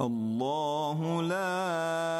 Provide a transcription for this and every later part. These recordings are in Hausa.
الله لا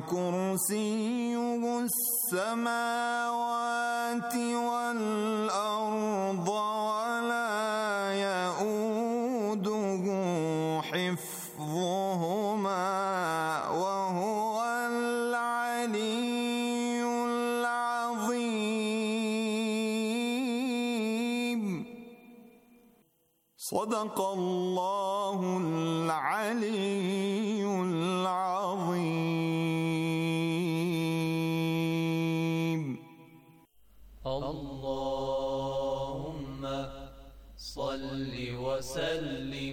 كرسيه السماوات وسلم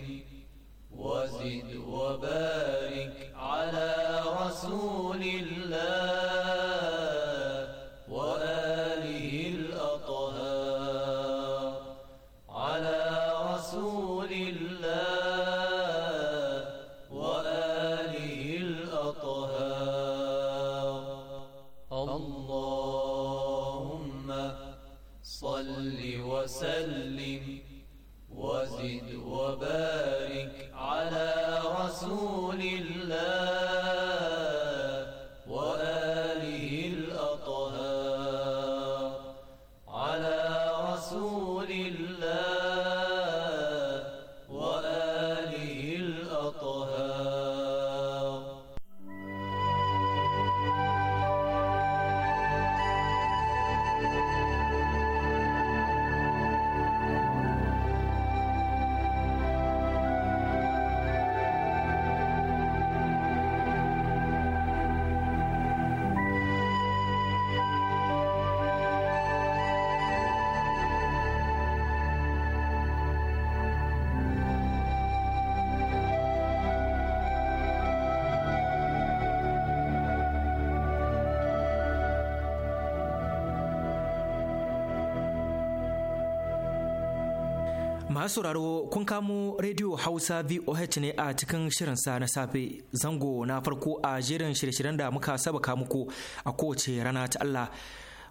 Masu sauraro kun kamo Radio Hausa VOH ne a cikin shirin sa na safe zango na farko a jerin shirye-shiryen da muka sabaka muku a kowace rana ta Allah.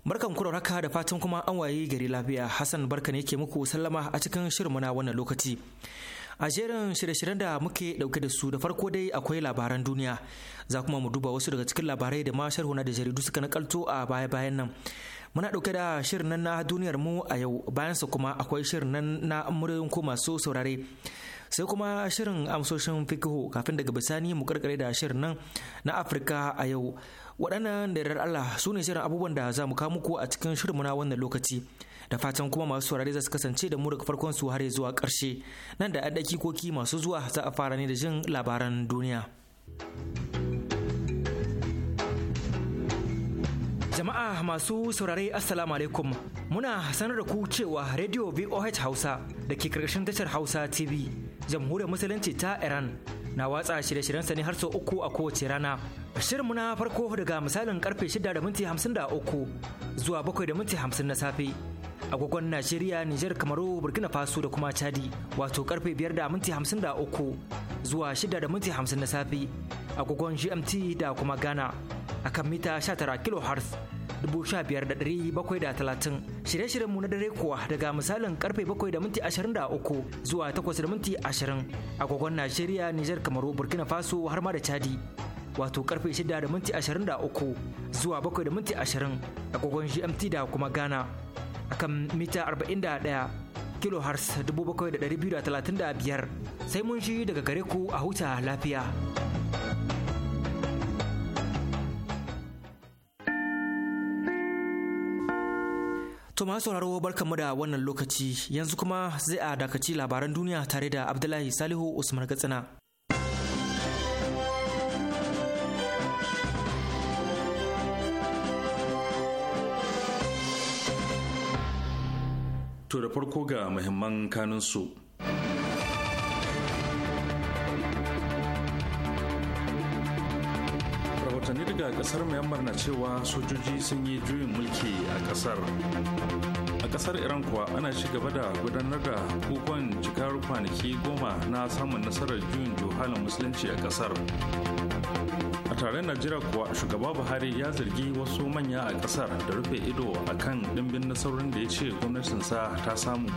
Barkan ku raka da fatan kuma an waye gari lafiya Hassan barka ne ke muku sallama a cikin shirin na wannan lokaci. A jerin shirye-shiryen da muke dauke da su da farko dai akwai labaran duniya za kuma mu duba wasu daga cikin labarai da ma sharhuna da jaridu suka nakalto a baya-bayan nan. Muna ɗauke da shirin nan na duniyar mu a yau bayan su kuma akwai shirin nan na muryoyin ko masu saurare. Sai kuma shirin amsoshin fikihu kafin daga bisani mu karkare da shirin nan na Afirka a yau. Waɗannan da yarar Allah su ne shirin abubuwan da za mu kawo muku a cikin shirin muna wannan lokaci. Da fatan kuma masu saurare za su kasance da mu daga farkon su har zuwa ƙarshe. Nan da ɗaki koki masu zuwa za a fara ne da jin labaran duniya. Jama'a masu saurare Assalamu alaikum muna sanar da ku cewa Radio VOH Hausa da ke karkashin tashar Hausa TV jamhuriyar musulunci ta Iran na watsa shirye-shiryen sani har sau uku a kowace rana. shirin muna farko daga misalin karfe shida da zuwa bakwai na safe. agogon Najeriya, Nijar, Kamaru, Burkina Faso da kuma Chadi wato karfe biyar da minti hamsin da zuwa shida na safe agogon GMT da kuma Ghana akan mita 19 kilohertz 15730 shirye-shiryenmu na dare kuwa daga misalin karfe 7 da minti zuwa 8,20, a minti agogon Najeriya, Nijar, Kamaru, Burkina Faso har ma da Chadi. Wato karfe 6 da minti zuwa 7 da minti 20 agogon GMT da kuma Ghana. Akan mita 41 da 7235 sai mun shi daga gare ku a huta lafiya. To masu sauraro mu da wannan lokaci yanzu kuma zai a dakaci labaran duniya tare da Abdullahi Salihu Usman Gatsina. To da farko ga muhimman kanunsu. kasar myanmar na cewa sojoji sun yi juyin mulki a kasar a kasar iran kuwa ana ci gaba da gudanar da kukon cikar kwanaki goma na samun nasarar juyin juhalin musulunci a kasar a na najeriya kuwa shugaba buhari ya zargi wasu manya a kasar da rufe ido a kan dimbin nasarorin da ya ce gwamnatinsa ta samu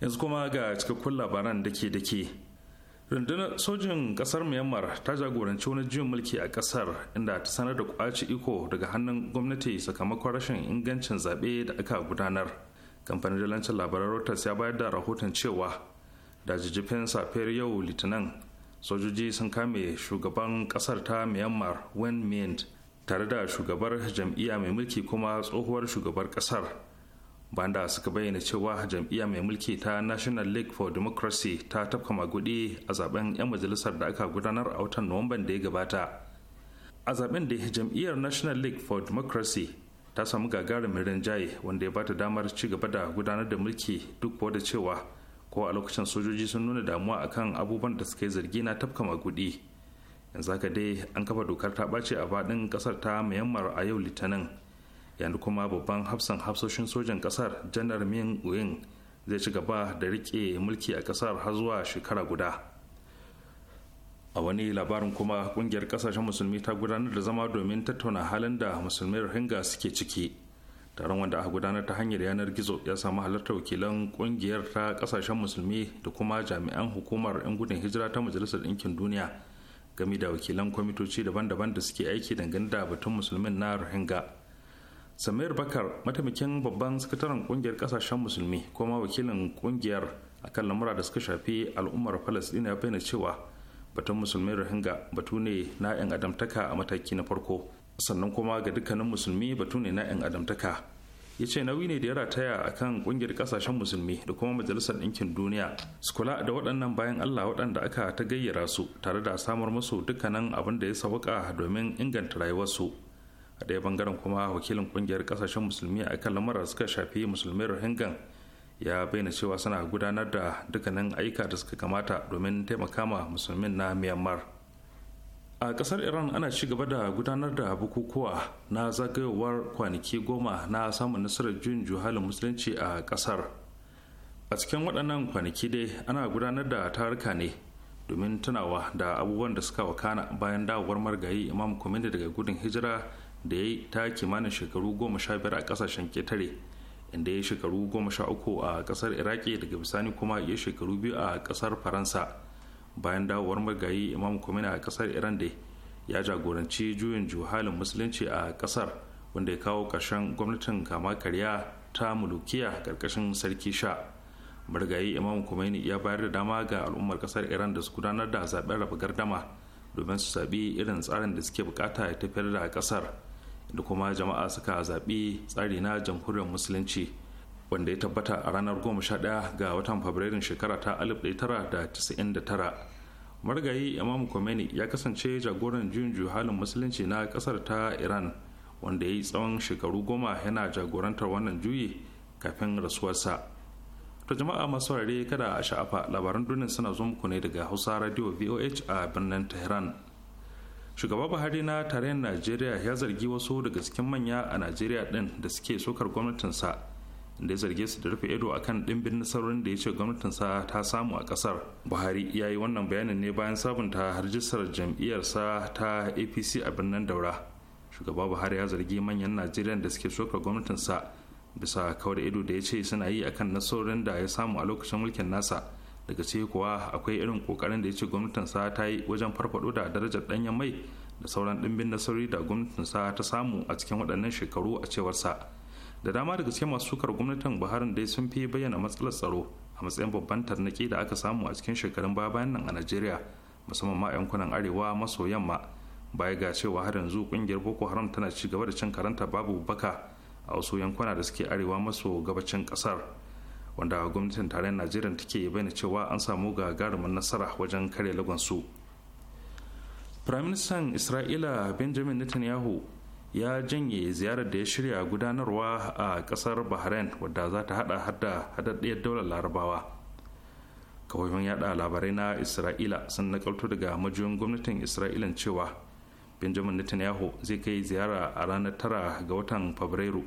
yanzu kuma ga cikakkun labaran dake-dake rundunar sojin kasar myanmar ta jagoranci wani juyin mulki a kasar inda ta sanar da kwaci iko daga hannun gwamnati sakamakon rashin ingancin zaɓe da aka gudanar kamfanin dalancin labaran reuters ya bayar da rahoton cewa da jijjifin safiyar yau litinin sojoji sun kame shugaban kasar ta myanmar wen mint tare da shugabar jam'iyya mai mulki kuma tsohuwar shugabar kasar banda suka bayyana cewa jam'iyya mai mulki ta national league for democracy ta tafka magudi a zaben 'yan majalisar da aka gudanar a watan nuwamban da ya gabata a zaben da jam'iyyar national league for democracy ta samu gagarumin rinjaye wanda ya bata damar ci gaba da gudanar da mulki duk da cewa ko a lokacin sojoji sun nuna damuwa akan abubuwan da suka yi zargi na tafka magudi yanzu haka dai an kafa dokar ta ɓace a faɗin ƙasar ta myanmar a yau litinin yanzu kuma babban hafsan hafsoshin sojan kasar janar min uyin zai ci gaba da rike mulki a kasar har zuwa shekara guda a wani labarin kuma kungiyar kasashen musulmi ta gudanar da zama domin tattauna halin da musulmi rohingya suke ciki taron wanda aka gudanar ta hanyar yanar gizo ya samu halartar wakilan kungiyar ta kasashen musulmi da kuma jami'an hukumar 'yan gudun hijira ta majalisar ɗinkin duniya game da wakilan kwamitoci daban-daban da suke aiki dangane da batun musulmin na rohingya samir bakar mataimakin babban sakataren kungiyar kasashen musulmi kuma wakilin kungiyar akan lamura da suka shafi al'ummar palestina ya bayyana cewa batun musulmi rohingya batu ne na 'yan adamtaka a mataki na farko sannan kuma ga dukkanin musulmi batu ne na 'yan adamtaka ya ce nauyi ne da ya rataya a kan kungiyar kasashen musulmi da kuma majalisar ɗinkin duniya su kula da waɗannan bayan allah waɗanda aka ta gayyara su tare da samar musu dukkanin abin da ya sauka domin inganta rayuwarsu a daya bangaren kuma wakilin kungiyar kasashen musulmi a kan da suka shafi musulmi rohingya ya bayyana cewa suna gudanar da dukkanin ayyuka da suka kamata domin taimaka ma musulmin na myanmar a kasar iran ana ci gaba da gudanar da bukukuwa na zagayowar kwanaki goma na samun nasarar juyin juhalin musulunci a kasar a cikin waɗannan kwanaki dai ana gudanar da taruka ne domin tunawa da abubuwan da suka wakana bayan dawowar margayi imam kwamiti daga gudun hijira da ya yi ta kimanin shekaru goma sha biyar a kasashen ketare inda ya shekaru goma sha uku a kasar iraki daga bisani kuma ya shekaru biyu a kasar faransa bayan dawowar magayi imam kumina a kasar iran da ya jagoranci juyin juhalin musulunci a kasar wanda ya kawo ƙarshen gwamnatin kama karya ta mulukiya ƙarƙashin sarki sha margayi imam kumaini ya bayar da dama ga al'ummar kasar iran da su gudanar da zaben raba gardama domin su zaɓi irin tsarin da suke bukata ya tafiyar da kasar da kuma jama'a suka zaɓi tsari na jamhuriyar musulunci wanda ya tabbata a ranar 11 ga watan fabrairu shekara ta 1999 margayi imam Khomeini ya kasance jagoran juyin halin musulunci na kasar ta iran wanda ya yi tsawon shekaru goma yana jagorantar wannan juyi kafin rasuwarsa to jama'a masu saurare kada a sha'afa labaran duniya suna zo muku ne daga hausa radio voh a birnin tehran shugaba buhari na tarayyar najeriya ya zargi wasu daga cikin manya a najeriya din da suke sokar gwamnatinsa da ya zarge su da rufe ido a kan dimbin nasarorin da ya ce gwamnatinsa ta samu a kasar buhari ya yi wannan bayanin ne bayan sabunta harjistar jam'iyyarsa ta apc a birnin daura shugaba buhari ya zargi manyan najeriya da suke sokar gwamnatinsa bisa kawar ido da ya ce suna yi akan nasarorin da ya samu a lokacin mulkin nasa daga ce kuwa akwai irin kokarin da ya ce gwamnatinsa ta yi wajen farfado da darajar danyen mai da sauran ɗimbin nasarori da gwamnatinsa ta samu a cikin waɗannan shekaru a cewar sa da dama daga cikin masu sukar gwamnatin buharin dai sun fi bayyana matsalar tsaro a matsayin babban tarnaki da aka samu a cikin shekarun baya bayan nan a najeriya musamman ma yankunan arewa maso yamma baya ga cewa har yanzu kungiyar boko haram tana ci gaba da cin karanta babu baka a wasu yankuna da suke arewa maso gabacin kasar wanda gwamnatin tarayyar najeriya take bayyana cewa an samu gagarumin nasara wajen kare lagonsu firaministan isra'ila benjamin netanyahu ya janye ziyarar da ya shirya gudanarwa a kasar bahrain wadda za ta hada hada hadaddiyar daular larabawa kawai yada labarai na isra'ila sun nakalto daga majiyoyin gwamnatin isra'ilan cewa benjamin netanyahu zai kai ziyara a ranar tara ga watan fabrairu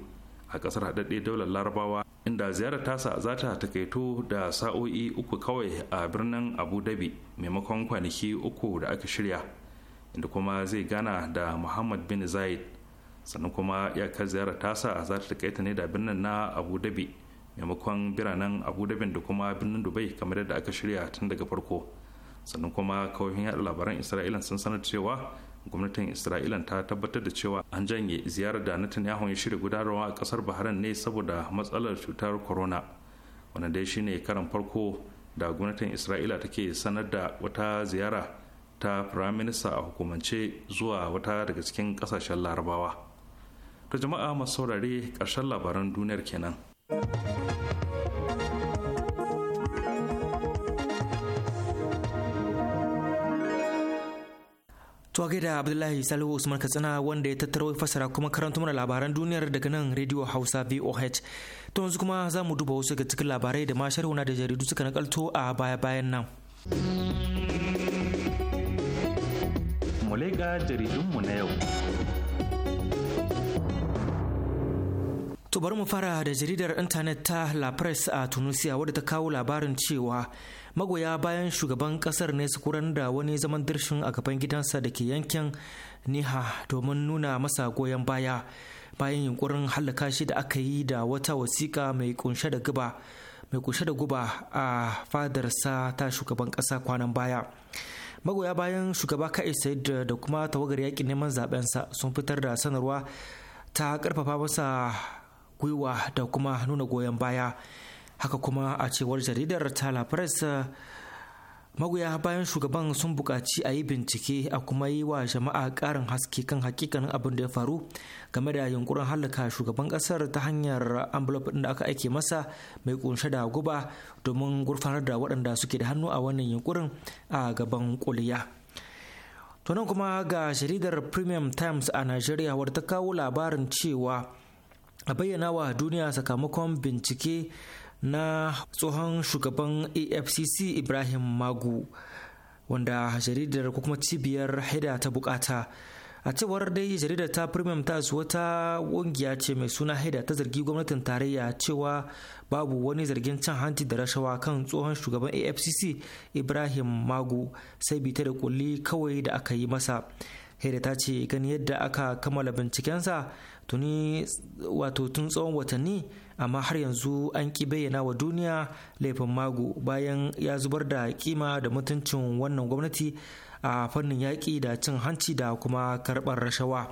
a kasar haɗaɗɗe daular larabawa inda ziyarar tasa za ta takaito da sa'o'i uku kawai a birnin abu dhabi maimakon kwanaki uku da aka shirya inda kuma zai gana da muhammad bin zayed sannan kuma iyakar ziyarar tasa za ta takaita ne da birnin na abu dhabi maimakon biranen abu dhabi da kuma birnin dubai kamar yadda aka shirya tun daga farko sannan kuma kawai yaɗa labaran isra'ila sun sanar cewa gwamnatin isra'ilan ta tabbatar da cewa an janye ziyarar da netanyahu ya shirya gudanarwa a kasar bahrain ne saboda matsalar cutar corona wanda dai shine karan farko da gwamnatin isra'ila take sanar da wata ziyara ta firaminista a hukumance zuwa wata daga cikin kasashen larabawa ta jama'a masu saurare karshen labaran duniyar kenan To a gaida Abdullahi Salihu Usman Katsina wanda ya tattaro fasara kuma karanta mana labaran duniyar daga nan Radio Hausa VOH. To yanzu kuma za mu duba wasu daga cikin labarai da ma sharhuna da jaridu suka nakalto a baya-bayan nan. Mu jaridunmu na yau. To bari mu fara da jaridar intanet ta La Presse a Tunisia wadda ta kawo labarin cewa magoya bayan shugaban kasar ne su kuran da wani zaman dirshin a gaban gidansa da ke yankin Niha domin nuna masa goyon baya bayan yunkurin hallaka shi da aka yi da wata wasiƙa mai kunshe da guba mai kunshe da guba a fadarsa ta shugaban ƙasa kwanan baya. magoya bayan shugaba kai said da kuma tawagar yakin neman zabensa sun fitar da sanarwa ta karfafa masa gwiwa da kuma nuna goyon baya haka kuma a cewar jaridar tala press magoya bayan shugaban sun bukaci a yi bincike a kuma yi wa jama'a ƙarin haske kan hakikanin abin da ya faru game da yunkurin hallaka shugaban ƙasar ta hanyar envelope da aka aike masa mai kunshe da guba domin gurfanar da waɗanda suke da hannu a wannan yunkurin a gaban kuliya to nan kuma ga jaridar premium times a nigeria wadda ta kawo labarin cewa a bayyana wa duniya sakamakon bincike na tsohon shugaban afcc ibrahim magu wanda jaridar ko kuma cibiyar haida ta bukata a cewar dai jaridar ta premium su wata kungiya ce mai suna haida ta zargi gwamnatin tarayya cewa babu wani zargin cin hanci da rashawa kan tsohon shugaban afcc ibrahim magu sai bita da kulli kawai da aka yi masa haida ta ce gani yadda aka kammala bincikensa tuni wato tun tsawon watanni amma har yanzu an ki bayyana wa duniya laifin magu bayan ya zubar da kima da mutuncin wannan gwamnati a fannin yaƙi da cin hanci da kuma karɓar rashawa.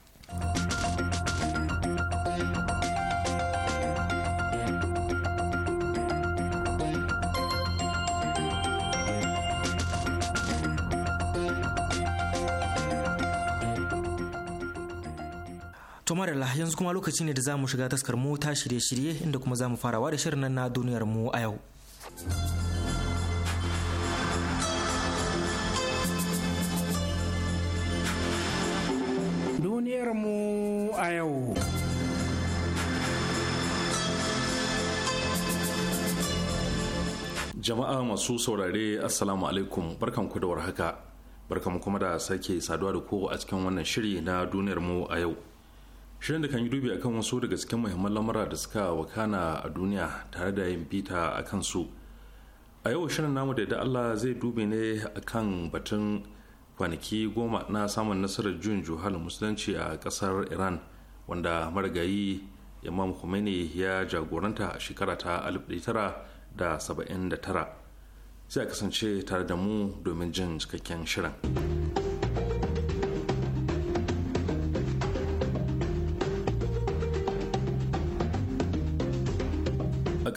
Allah yanzu kuma lokaci ne da za mu shiga taskar mu ta shirye-shirye inda kuma za mu farawa da shirin nan na duniyar mu a yau. Duniyar mu a yau. Jama'a masu saurare Assalamu alaikum barkanku da warhaka. Barkanku kuma da sake saduwa da ku a cikin wannan shiri na duniyar mu a yau. shirin da kan yi dubi akan wasu daga cikin muhimman lamura da suka wakana a duniya tare da yin bita a kan su a yau shirin namu da Allah zai dubi ne akan batun kwanaki goma na samun nasarar juyin juhalin musulunci a kasar iran wanda marigayi imam khomeini ya jagoranta a shekara ta 1979 sai a kasance tare da mu domin jin cikakken shirin.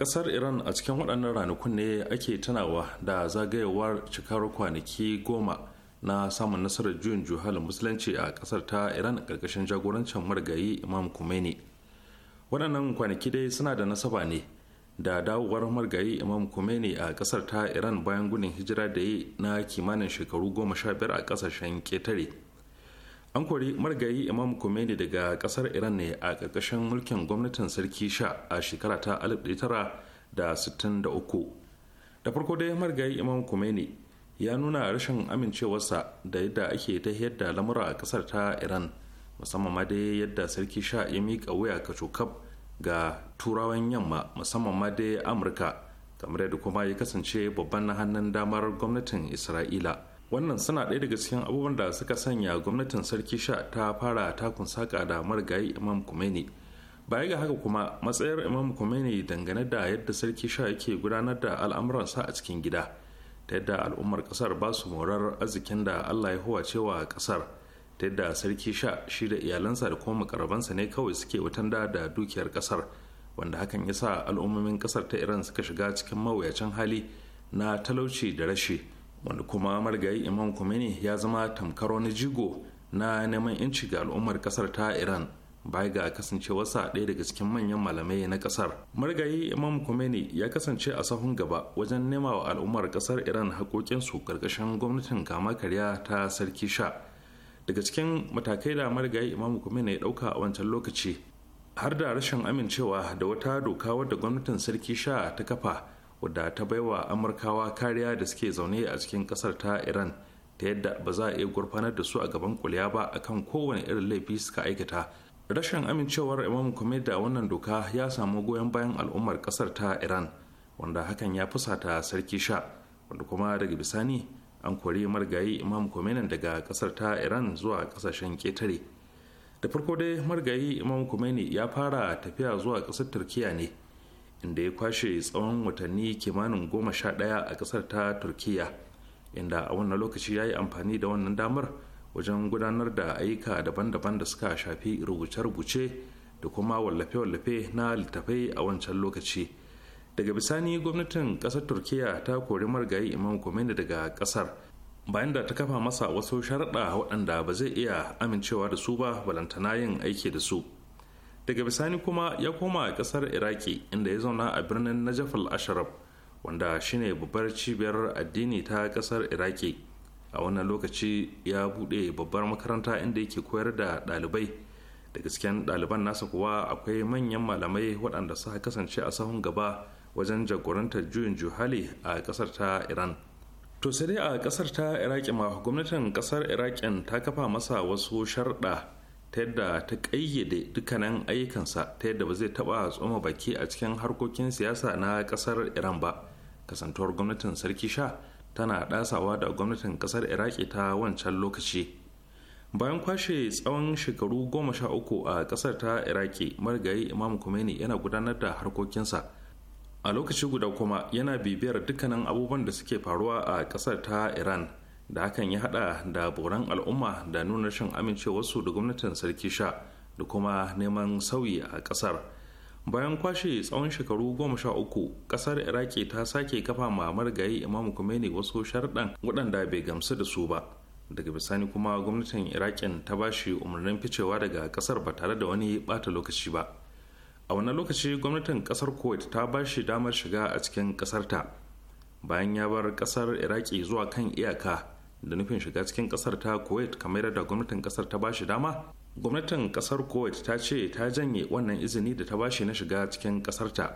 kasar iran a cikin waɗannan ranakun ne ake tunawa da zagayewar cikar kwanaki goma na samun nasarar juyin juhalin musulunci a kasar ta iran ƙarƙashin jagorancin margayi imam kumeni waɗannan kwanaki dai suna da nasaba ne da dawowar margayi imam kumeni a kasar ta iran bayan gudun hijira da yi na kimanin shekaru goma sha biyar a ƙasashen ƙetare an kori marigayi imam Khomeini daga kasar iran ne a ƙarƙashin mulkin gwamnatin sarki sha a shekara ta 1963 da farko dai marigayi imam Khomeini ya nuna rashin amincewarsa da yadda ake ta yadda lamura a ƙasar ta iran musamman ma dai yadda sarki sha ya miƙa wuya ka cokab ga turawan yamma musamman ma dai amurka kamar yadda kuma ya kasance babban hannun damar gwamnatin isra'ila wannan suna ɗaya daga cikin abubuwan da suka sanya gwamnatin sarki sha ta fara takun saƙa da marigayi imam kumeni baya ga haka kuma matsayar imam kumeni dangane da yadda sarki sha yake gudanar da al'amuransa a cikin gida ta yadda al'ummar ƙasar ba su morar arzikin da allah ya huwa cewa ƙasar ta yadda sarki sha shi da iyalansa da kuma makarabansa ne kawai suke watanda da dukiyar ƙasar wanda hakan ya sa al'ummomin ƙasar ta iran suka shiga cikin mawuyacin hali na talauci da rashi wanda kuma marigayi imam kumeni ya zama tamkar wani jigo na neman inci ga al'ummar kasar ta iran baya ga kasancewarsa ɗaya daga cikin manyan malamai na kasar marigayi imam kumeni ya kasance a sahun gaba wajen nema wa al'ummar kasar iran haƙoƙinsu ƙarƙashin gwamnatin kama karya ta sarki sha daga cikin matakai da marigayi imam kumeni ya ɗauka a wancan lokaci har da rashin amincewa da wata doka wadda gwamnatin sarki sha ta kafa wadda ta baiwa amurkawa kariya da suke zaune a cikin kasar ta iran ta yadda ba za a iya gurfanar da su a gaban kuliya ba akan kowane irin laifi suka aikata rashin amincewar imam kume da wannan doka ya samu goyon bayan al'ummar kasar ta iran wanda hakan ya fusata sarki sha wanda kuma daga bisani an kori margayi imam nan daga kasar ta iran zuwa kasashen ketare da farko dai margayi imam kumeni ya fara tafiya zuwa kasar turkiya ne inda ya kwashe tsawon watanni kimanin goma sha ɗaya a ƙasar ta turkiya inda a wannan lokaci ya yi amfani da wannan damar wajen gudanar da ayyuka daban-daban da suka shafi rubuce-rubuce da kuma wallafe-wallafe na littafai a wancan lokaci daga bisani gwamnatin ƙasar turkiya ta kori margayi imam Khomeini daga ƙasar bayan da ta kafa masa wasu sharaɗa waɗanda ba zai iya amincewa da su ba balantana yin aiki da su daga bisani kuma ya koma kasar iraki inda ya zauna a birnin najaf al-ashraf wanda shine babbar cibiyar addini ta kasar iraki a wannan lokaci ya buɗe babbar makaranta inda yake koyar da ɗalibai da gasken ɗaliban nasa kuwa akwai manyan malamai waɗanda suka kasance a sahun gaba wajen jagorantar juyin juhali a kasar ta iran to sai dai a ƙasar ta iraki ma gwamnatin kasar iraki ta kafa masa wasu sharɗa ta yadda ta ƙayyade dukkanin ayyukansa ta yadda ba zai taɓa tsoma baki a cikin harkokin siyasa na ƙasar iran ba kasantuwar gwamnatin sarki sha tana ɗasawa da gwamnatin ƙasar iraki ta wancan lokaci bayan kwashe tsawon shekaru goma sha uku a ƙasar ta iraki marigayi imam kumeni yana gudanar da harkokinsa a lokaci guda kuma yana bibiyar dukkanin abubuwan da suke faruwa a ƙasar ta iran da hakan ya hada da boran al'umma da nuna rashin amincewarsu da gwamnatin sarki sha da kuma neman sauyi a kasar bayan kwashe tsawon shekaru goma sha uku kasar iraki ta sake kafa ma marigayi imamu kumeni wasu sharɗan waɗanda bai gamsu da su ba daga bisani kuma gwamnatin irakin ta ba shi umarnin ficewa daga kasar ba tare da wani bata lokaci ba a wannan lokaci gwamnatin kasar kuwait ta ba shi damar shiga a cikin kasarta bayan ya bar kasar iraki zuwa kan iyaka da nufin shiga cikin kasar ta kuwait kamar da gwamnatin kasar ta bashi dama gwamnatin kasar kuwait ta ce ta janye wannan izini da ta bashi na shiga cikin kasar ta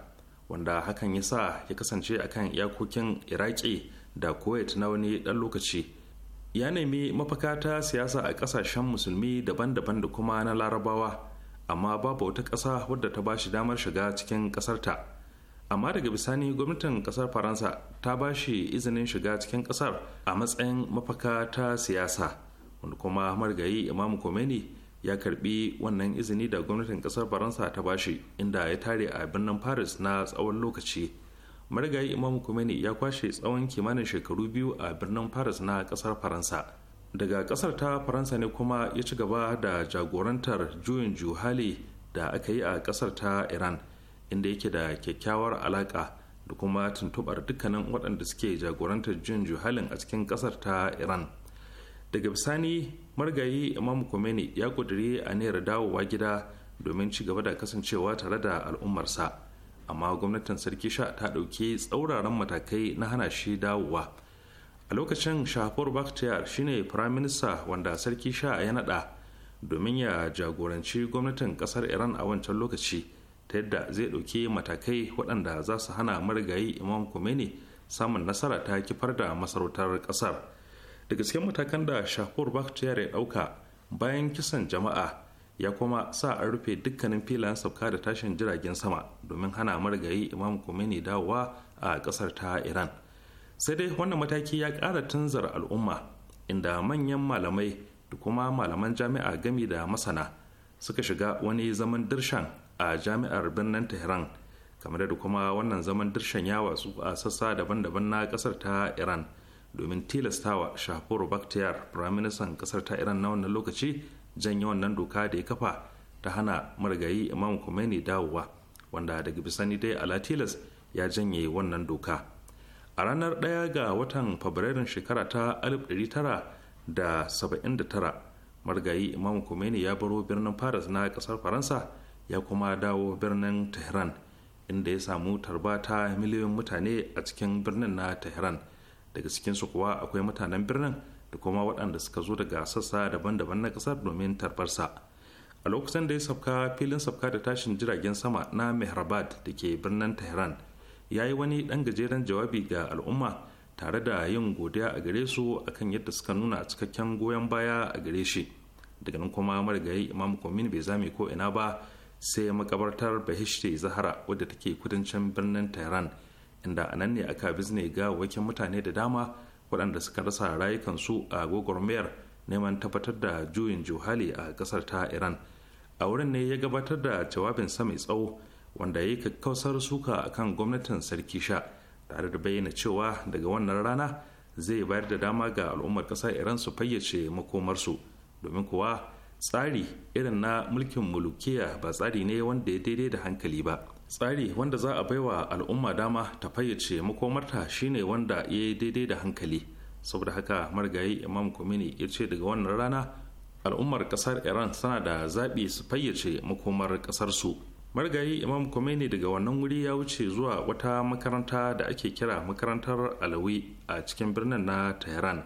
wanda hakan ya sa ya kasance akan iyakokin iraki da kuwait na wani dan lokaci ya nemi mafaka ta siyasa a kasashen musulmi daban-daban da kuma na larabawa amma babu wata ƙasa wadda ta bashi damar shiga cikin ƙasarta. ta amma daga bisani gwamnatin kasar faransa ta ba shi izinin shiga cikin kasar a matsayin mafaka ta siyasa wanda kuma margayi imamu komeni ya karbi wannan izini da gwamnatin kasar faransa ta ba shi inda ya tare a birnin paris na tsawon lokaci marigayi imamu komeni ya kwashe tsawon kimanin shekaru biyu a birnin paris na kasar faransa daga kasar ta faransa ne kuma ya ci gaba da jagorantar juyin juhali da aka yi a kasar ta iran inda yake da kyakkyawar alaka da kuma tuntubar dukkanin waɗanda suke jagorantar jin juhalin a cikin ƙasar ta iran daga bisani margayi imam Khomeini ya ƙudiri aniyar dawowa gida domin ci gaba da kasancewa tare da al'ummarsa amma gwamnatin sarki sha ta ɗauki tsauraran matakai na hana shi dawowa a lokacin shahapur bakhtiyar shine Firaminista wanda sarki sha ya naɗa domin ya jagoranci gwamnatin ƙasar iran a wancan lokaci ta yadda zai ɗauki matakai waɗanda za su hana marigayi imam Khomeini samun nasara ta kifar da masarautar ƙasar da gaske matakan da Shakur bakhtiyar ya ɗauka bayan kisan jama'a ya kuma sa an rufe dukkanin filayen sauka da tashin jiragen sama domin hana marigayi imam Khomeini dawowa a ƙasar ta iran sai dai wannan mataki ya ƙara tunzar al'umma inda manyan malamai da kuma malaman jami'a gami da masana suka shiga wani zaman dirshan a jami'ar birnin tehran kamar da kuma wannan zaman dirshan ya watsu a sassa daban-daban na kasar ta iran domin tilastawa shahapuru bakhtiyar firaministan kasar ta iran na wannan lokaci janye wannan doka da ya kafa ta hana marigayi imam khomeini dawowa wanda daga bisani dai ala tilas ya janye wannan doka a ranar ɗaya ga watan fabrairun shekara ta 1979 marigayi imam khomeini ya baro birnin paris na kasar faransa ya kuma dawo birnin tehran inda ya samu tarba ta miliyoyin mutane a cikin birnin na tehran daga cikinsu kuwa akwai mutanen birnin da kuma waɗanda suka zo daga sassa daban-daban na ƙasar domin tarbarsa a lokacin da ya sauka filin sauka da tashin jiragen sama na mehrabad da ke birnin tehran ya yi wani ɗan gajeren jawabi ga al'umma tare da yin godiya a gare su akan yadda suka nuna cikakken goyon baya a gare shi daga nan kuma marigayi imam komin bai zame ko ina ba sai makabartar bahishti zahara wadda take kudancin birnin tehran inda a nan ne aka bizne ga wakin mutane da dama waɗanda suka rasa rayukansu a gwagwarmayar neman tabbatar da juyin juhali a ƙasar ta iran a wurin ne ya gabatar da jawabin sa mai tsawo wanda ya yi kakkausar suka a kan gwamnatin sarki sha tare da bayyana cewa daga wannan rana zai bayar da dama ga al'ummar ƙasar iran su fayyace makomarsu domin kuwa tsari irin na mulkin mulukiya ba tsari ne wanda ya daidai da hankali ba tsari wanda za a baiwa al'umma dama ta fayyace makomarta shine wanda ya yi daidai da hankali saboda haka marigayi imam kumini ya ce daga wannan rana al'ummar kasar iran suna da zaɓi su fayyace makomar ƙasarsu marigayi imam kumini daga wannan wuri ya wuce zuwa wata makaranta da ake kira makarantar alawi a cikin birnin na tehran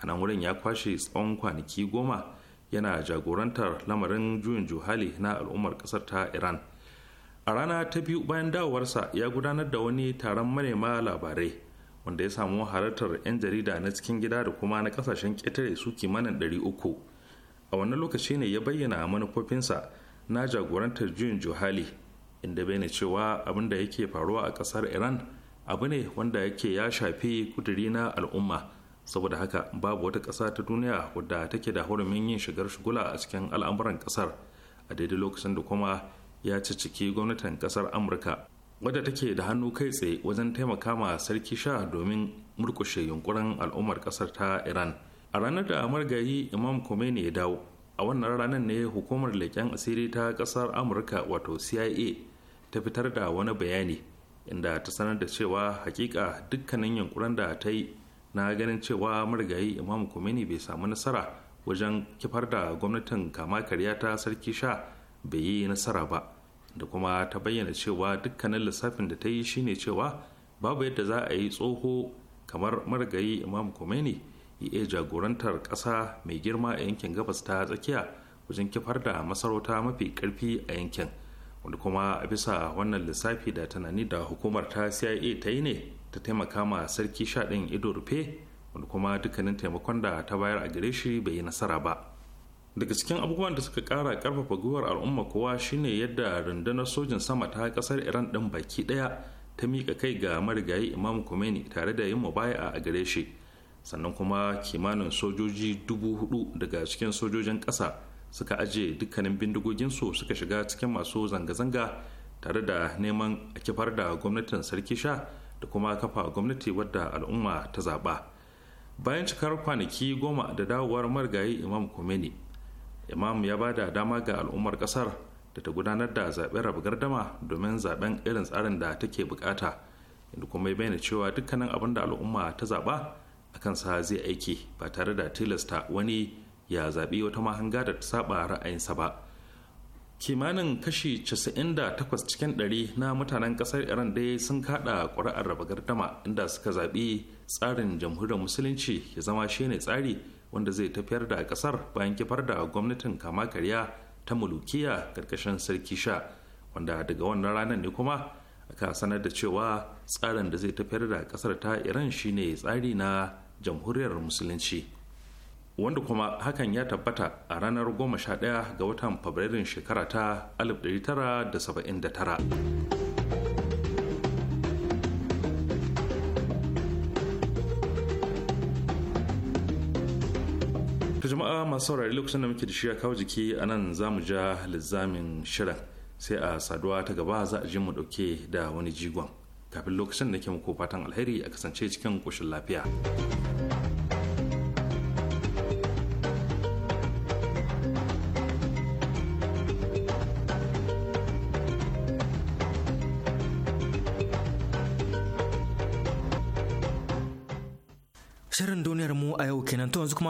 a nan wurin ya kwashe tsawon kwanaki goma yana jagorantar lamarin juyin juhali na al'ummar ƙasar ta iran a rana ta biyu bayan dawowarsa ya gudanar da wani taron manema labarai wanda ya samu halartar 'yan jarida na cikin gida da kuma na kasashen ƙetare su kimanin 300 a wannan lokaci ne ya bayyana manufofinsa na jagorantar juyin juhali inda bai ne cewa abin da yake faruwa a ƙasar iran abu ne wanda yake ya shafi kuduri na al'umma saboda haka babu wata ƙasa ta duniya wadda take da hurumin yin shigar shugula a cikin al'amuran ƙasar a daidai lokacin da kuma ya ciki gwamnatin ƙasar amurka wadda take da hannu kai tsaye wajen taimaka ma sarki sha domin murkushe yunkurin al'ummar ƙasar ta iran a ranar da margayi imam khomeini ya dawo a wannan ranar ne hukumar leƙen asiri ta ƙasar amurka wato cia ta fitar da wani bayani inda ta sanar da cewa hakika dukkanin yunkurin da ta yi na ganin cewa marigayi imam Khomeini bai samu nasara wajen kifar da gwamnatin kama karya ta sarki sha bai yi nasara ba da kuma ta bayyana cewa dukkanin lissafin da ta yi shine cewa babu yadda za a yi tsoho kamar marigayi imam Khomeini ya iya jagorantar ƙasa mai girma a yankin gabas ta tsakiya wajen kifar da masarauta mafi karfi a yankin wanda kuma a bisa wannan lissafi da tunani da hukumar ta cia ta yi ne ta taimaka ma sarki sha ɗin ido rufe wanda kuma dukkanin taimakon da ta bayar a gare shi bai yi nasara ba daga cikin abubuwan da suka kara karfafa gwiwar al'umma kowa shine yadda rundunar sojin sama ta kasar iran ɗin baki ɗaya ta miƙa kai ga marigayi imam khomeini tare da yin mubaya a gare shi sannan kuma kimanin sojoji dubu hudu daga cikin sojojin ƙasa suka ajiye dukkanin bindigoginsu suka shiga cikin masu zanga-zanga tare da neman a kifar da gwamnatin sarki sha da kuma kafa gwamnati wadda al'umma ta zaɓa bayan cikar kwanaki goma da dawowar marigayi imam Khomeini imam ya ba da dama ga al'ummar ƙasar da ta gudanar da zaɓen rabu gardama domin zaɓen irin tsarin da take bukata inda kuma ya bayyana cewa dukkanin abin da al'umma ta zaɓa a sa zai aiki ba tare da tilasta wani ya zaɓi wata mahanga da ta saba ra'ayinsa ba kimanin kashi 98 cikin ɗari na mutanen kasar iran dai sun kada ƙuri'ar raba gardama inda suka zaɓi tsarin jamhuriyar musulunci ya zama shine tsari wanda zai tafiyar da ƙasar bayan kifar da gwamnatin kama karya ta mulukiya ƙarƙashin sarki sha wanda daga wannan ranar ne kuma aka sanar da cewa tsarin da zai tafiyar da ƙasar ta iran shine tsari na jamhuriyar musulunci wanda kuma hakan ya tabbata a ranar 11 ga watan fabrairun shekara ta 1979 ta jama'a masu saurari lokacin da muke da shi a kawo jiki a nan za mu ja lizamin shirin sai a saduwa ta gaba za a je mu dauke da wani jigon kafin lokacin da ke muku fatan alheri a kasance cikin ƙoshin lafiya.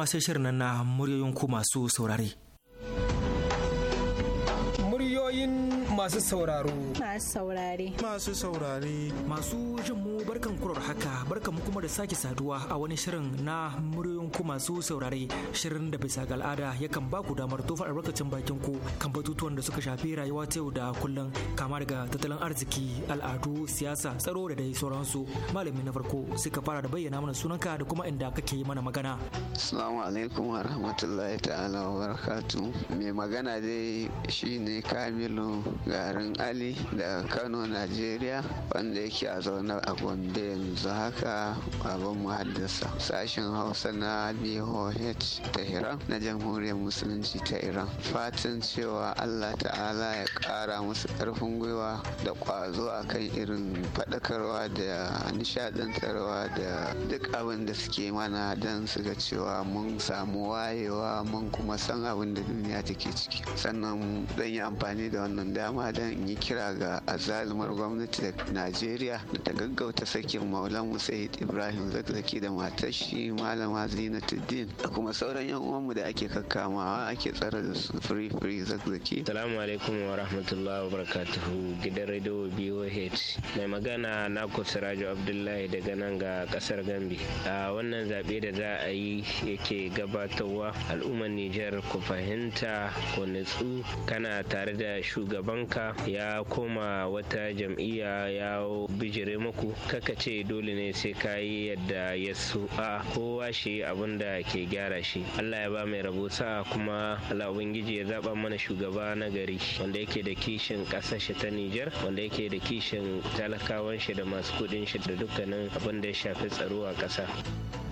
sai shirin nan na muryoyin ku masu saurare. Masu sauraro. Masu saurare. Masu saurare. Masu jin mu barkan kurar haka barkan mu kuma da sake saduwa a wani shirin na muryoyin ku masu saurare shirin da bisa ga al'ada yakan ba ku damar tofa albarkacin bakin ku kan batutuwan da suka shafi rayuwa ta yau da kullum kama daga tattalin arziki al'adu siyasa tsaro da dai sauransu malami na farko suka fara da bayyana mana sunanka da kuma inda kake yi mana magana. Assalamu alaikum wa rahmatullahi ta'ala wa barakatuh. Mai magana dai shine Kamilu garin ali daga kano najeriya wanda yake a zaune a gombe yanzu haka baban muhaddasa sashen hausa na boh Iran na jamhuriyar musulunci ta iran fatan cewa allah ta'ala ya kara musu karfin gwiwa da kwazo kan irin faɗakarwa da nishadantarwa da duk abin da suke mana don su ga cewa mun samu wayewa mun kuma san abin da duniya take ciki sannan zan yi amfani da wannan dama al'umma don in yi kira ga azalumar gwamnati da najeriya da ta gaggauta sakin maulan Musa'id ibrahim zakzaki da matar shi malama zinatuddin da kuma sauran yan uwanmu da ake kakkamawa ake tsara da su free free zakzaki salamu alaikum wa rahmatullahi wa barakatuhu gidan radio boh mai magana na siraju abdullahi daga nan ga kasar gambi a wannan zaɓe da za a yi yake gabatarwa al'ummar nijar ku fahimta ku nutsu kana tare da shugaban haka ya koma wata jam'iyya ya bijire muku kaka ce dole ne sai ka yi yadda ya su a kowa shi abin da ke gyara shi allah ya ba mai rabo sa kuma allah ubangiji ya zaba mana shugaba na gari wanda yake da kishin ƙasar shi ta nijar wanda yake da kishin talakawan shi da masu kuɗin shi da dukkanin abin da ya shafi tsaro a ƙasa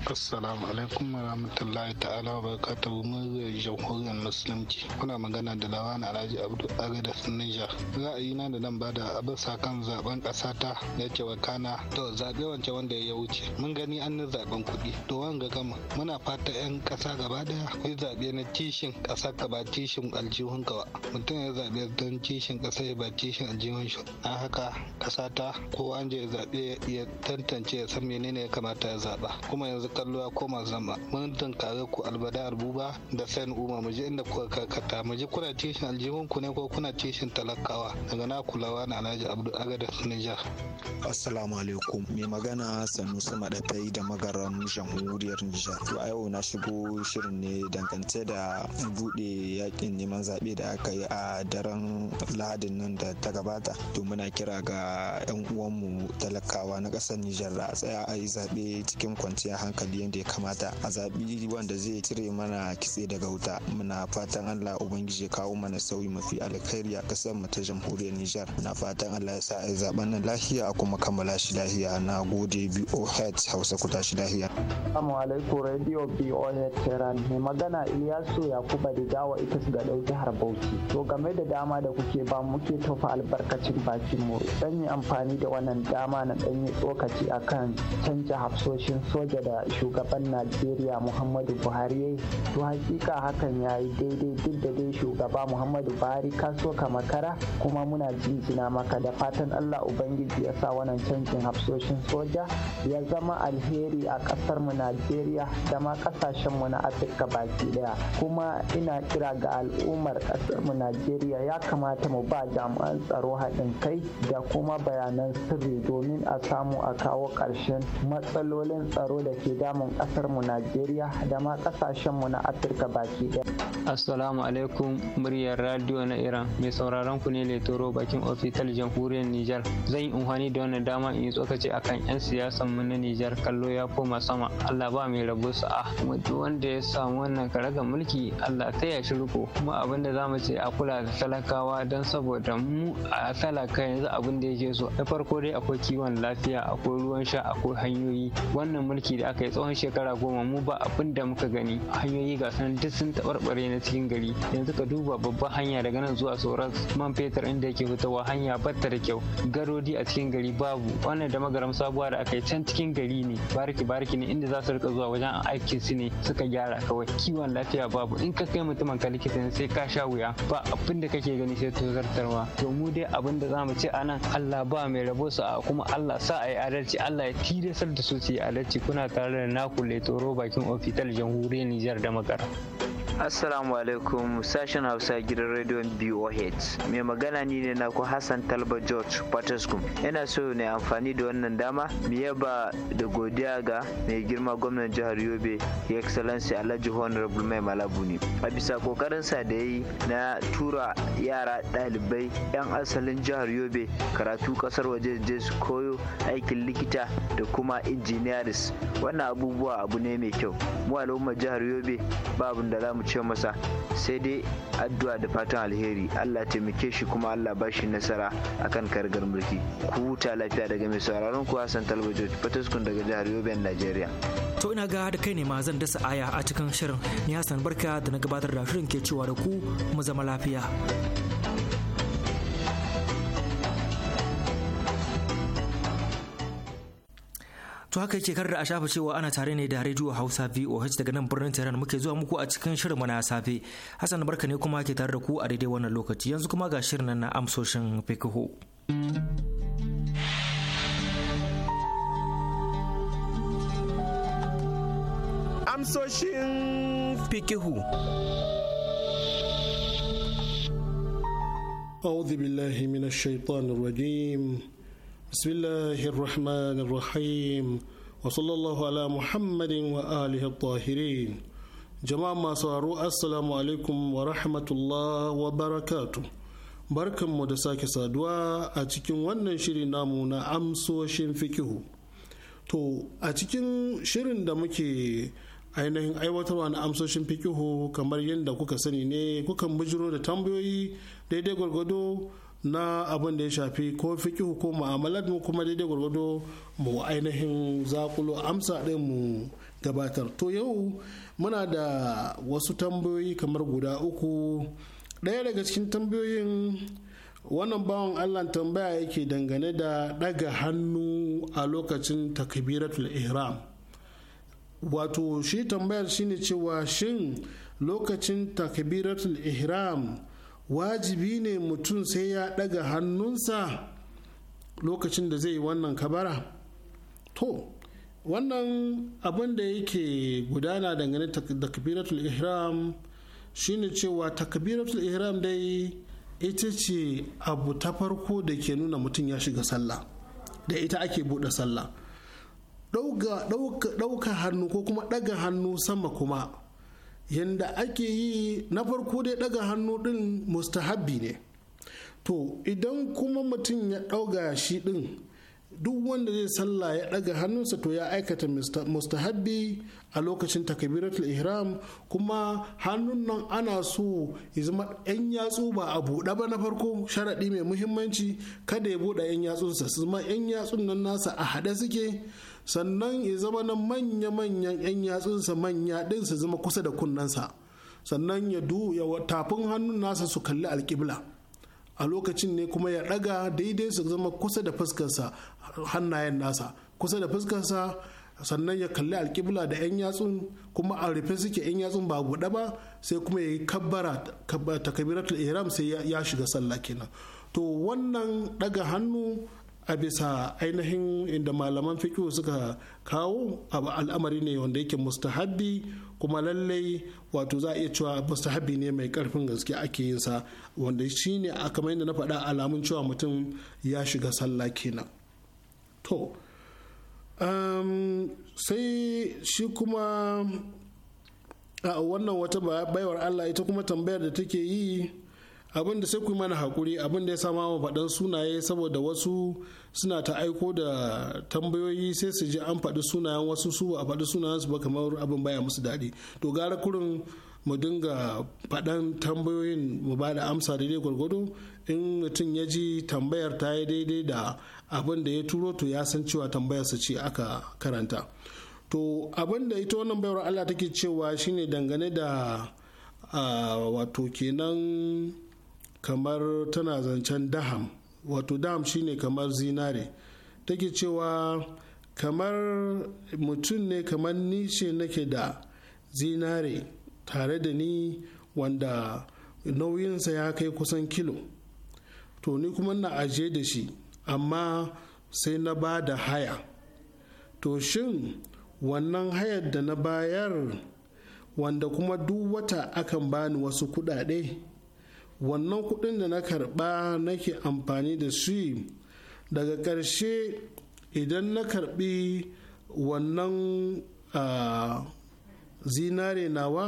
Assalamu alaikum wa rahmatullahi ta'ala wa barakatuhu muryar jamhuriyar musulunci. Kuna magana da Lawan Alhaji Abdu Aga da Niger. Za a yi nan da nan bada abin sa kan zaben kasa ta da yake wakana to zaɓe wance wanda ya wuce mun gani an na zaben kuɗi to wanga gama muna fata 'yan ƙasa gaba daya akwai zaɓe na tishin kasa ka ba tishin aljihun ka mutum ya zaɓe don tishin kasa ya ba tishin aljihun shi na haka kasa ta ko an je zaɓe ya tantance ya san menene ya kamata ya zaɓa kuma yanzu kallo ya koma zama mun kare ku albada albuba da sayan umar mu je inda kuka karkata mu je kuna tishin aljihun ku ne ko kuna tishin talaka kawa daga na kulawa na alhaji abdul agada nijar assalamu alaikum mai magana sanusi madatai da magaran jamhuriyar nijar to a yau na shigo shirin ne dangance da bude yakin neman zaɓe da aka yi a daren lahadin nan da ta gabata to muna kira ga 'yan uwanmu talakawa na ƙasar nijar da a tsaya a yi zaɓe cikin kwanciyar hankali yadda ya kamata a zaɓi wanda zai cire mana kitse daga wuta muna fatan allah ubangiji kawo mana sauyi mafi alkhairi a ƙasar mu ta jamhuriyar Nijar. Na fatan Allah ya sa a zaben nan lafiya a kuma kammala shi lafiya. Na gode VOH Hausa ku tashi lafiya. Assalamu alaikum Radio VOH Tehran. Mai magana iliyasu Yakuba da dawa ita su dauki jihar Bauchi. To game da dama da kuke ba muke tofa albarkacin bakin mu. Dan yi amfani da wannan dama na dan yi tsokaci akan canja hafsoshin soja da shugaban Najeriya Muhammadu Buhari. To hakika hakan ya yi daidai duk da dai shugaba Muhammadu Buhari kaso ka makara kuma muna jinjina maka da fatan Allah Ubangiji ya sa wannan canjin hafsoshin soja ya zama alheri a ƙasar mu Najeriya da ma ƙasashen mu na Afirka baki daya kuma ina kira ga al'ummar ƙasar mu Najeriya ya kamata mu ba jami'an tsaro haɗin kai da kuma bayanan sirri domin a samu a kawo ƙarshen matsalolin tsaro da ke damun ƙasar mu Najeriya da ma ƙasashen mu na Afirka baki daya. Assalamu alaikum muryar radio na Iran mai sauraron naku ne toro bakin ofital jamhuriyar Nijar. Zan yi umfani da wannan dama in yi tsokaci kan 'yan siyasan mu na Nijar kallo ya koma sama. Allah ba mai rabu sa'a. Ah, Kuma duk wanda ya samu wannan karagar mulki Allah ta ya shi riko. Kuma abin da za mu ce a kula da talakawa don saboda mu a talaka yanzu abin da yake so. Na farko dai akwai kiwon lafiya, akwai ruwan sha, akwai hanyoyi. Wannan mulki da aka yi tsawon shekara goma mu ba abin da muka gani. Hanyoyi ga sanan duk sun taɓarɓare na cikin gari. Yanzu ka duba babban hanya daga nan zuwa sauran man man fetur inda yake fitowa hanya batta da kyau garodi a cikin gari babu wannan da magaram sabuwa da aka yi can cikin gari ne bariki bariki ne inda za su rika zuwa wajen aikin su ne suka gyara kawai kiwon lafiya babu in ka kai mutumin ka likita ne sai ka sha wuya ba abin da kake gani sai tozartarwa to mu dai abin da zamu ce anan Allah ba mai rabo a kuma Allah sa a yi adalci Allah ya tilasar da su su yi adalci kuna tare da naku letoro bakin ofital jamhuriyar Nijar da makara. Assalamu alaikum sashen Hausa gidan rediyon BOH. Mai magana ni ne na ku Hassan Talba George Pataskum. Ina so ne amfani da wannan dama mu yaba da godiya ga mai girma gwamnan jihar Yobe Your Excellency Alhaji Honorable Mai Malabuni. A bisa kokarin sa da yi na tura yara ɗalibai 'yan asalin jihar Yobe karatu kasar waje je su koyo aikin likita da kuma injiniyaris. Wannan abubuwa abu ne mai kyau. Mu al'ummar jihar Yobe babu da za mu cewa masa sai dai addu'a da fatan alheri Allah taimake shi kuma Allah ba shi nasara akan kargar mulki ku huta lafiya daga mai sauraron ku Hassan George Fataskun daga jihar Yobe Najeriya to ina ga da kai ne ma zan dasa aya a cikin shirin ni Hassan barka da na gabatar da shirin ke cewa da ku mu zama lafiya To haka yake kar da a shafa cewa ana tare ne da rediyo Hausa VOH daga nan birnin Tehran muke zuwa muku a cikin shirin na safe. Hassan barka ne kuma ke tare da ku a daidai wannan lokaci yanzu kuma ga shirin nan na amsoshin fikihu. Amsoshin fikihu. أعوذ بالله من الشيطان الرجيم bismillahirrahmanirrahim wa sallallahu ala muhammadin wa alihi tahirin jama'a masu sauraro assalamu alaikum wa rahmatullah wa barakatu barkanmu da sake saduwa a cikin wannan shiri namu na amsoshin fikihu to a cikin shirin da muke ainihin aiwatarwa na amsoshin fikihu kamar yadda kuka sani ne kukan bujiro da tambayoyi daidai gwargwado na abin da ya shafi ko fikihu ko mu'amalat mu kuma daidai gwargwado mu ainihin zakulo amsa ɗin mu gabatar to yau muna da wasu tambayoyi kamar guda uku ɗaya daga cikin tambayoyin wannan bawan allah tambaya yake dangane da ɗaga hannu a lokacin takbiratul ihram wato shi tambayar shine cewa shin lokacin takbiratul ihram wajibi ne mutum sai ya ɗaga hannunsa lokacin da zai yi wannan kabara to wannan abin da yake gudana dangane da kabiratul ihram shine cewa takbiratul ihram dai ita ce abu ta farko da ke nuna mutum ya shiga sallah da ita ake buɗe sallah ɗauka hannu ko kuma ɗaga hannu sama kuma yanda ake yi na farko dai daga hannu din mustahabbi ne to idan kuma mutum ya ɗauga shi din duk wanda zai sallah ya ɗaga hannunsa to ya aikata mustahabbi a lokacin takabiratul ihram kuma hannun nan ana so ya zama yan yatsu ba a buɗe ba na farko sharaɗi mai muhimmanci kada ya buɗe yan yatsunsa su zama yan yatsun nan nasa a haɗe suke sannan ya zama na manya-manyan 'yan yatsunsa manya ɗin su zama kusa da kunnensa sannan ya du ya tafin hannun nasa su kalli alƙibla a lokacin ne kuma ya ɗaga daidai su zama kusa da fuskarsa hannayen nasa kusa da fuskarsa sannan ya kalli alƙibla da 'yan yatsun kuma a rufe suke 'yan yatsun ba buɗe ba sai kuma ya yi kabbara takabiratul ihram sai ya shiga sallah kenan to wannan ɗaga hannu a bisa ainihin inda malaman fikihu suka kawo abu al'amari ne wanda yake mustahabbi kuma lallai wato za a iya cewa mustahabbi ne mai karfin gaske ake yin sa wanda shi ne a kamar yadda na faɗa alamun cewa mutum ya shiga sallah kenan to um, sai shi kuma a wannan wata baiwar allah ita kuma tambayar da take yi abin da sai ku mana hakuri abin da ya sama wa faɗan sunaye saboda wasu suna ta aiko da tambayoyi sai su ji an faɗi sunayen wasu su a faɗi sunayen su ba kamar abin baya musu daɗi to gara kurin mu dinga faɗan tambayoyin mu ba da amsa daidai gwargwado in mutum ya ji tambayar ta yi daidai da abin da ya turo to ya san cewa tambayarsa ce aka karanta to abin da ita wannan bayar Allah take cewa shine dangane da ah, wato kenan kamar tana zancen daham wato daham shine kamar zinare take cewa kamar mutum ne kamar ni ce nake da zinare tare da ni wanda nauyinsa ya kai kusan kilo to ni kuma na ajiye da shi amma sai na ba da haya to shin wannan hayar da na bayar wanda kuma duk wata akan bani wasu kudade wannan kuɗin da na karɓa nake amfani da su daga ƙarshe idan na karɓi wannan zinare nawa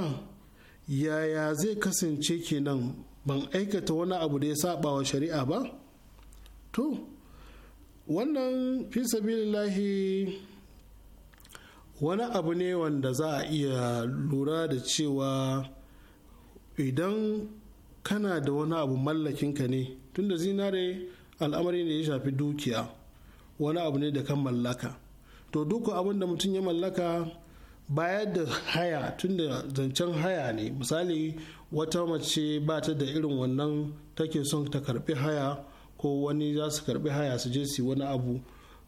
yaya zai kasance kenan ban aikata wani abu da ya saba wa shari'a ba to wannan fi sabilillahi wani abu ne wanda za a iya lura da cewa idan kana da wani abu mallakinka ne tunda zinare al'amari ne ya shafi dukiya wani abu ne da kan mallaka to duk abin da mutum ya mallaka bayar da haya tunda zancen haya ne misali wata mace ba ta da irin wannan take son ta karbi haya ko wani za su karbi haya su je su wani abu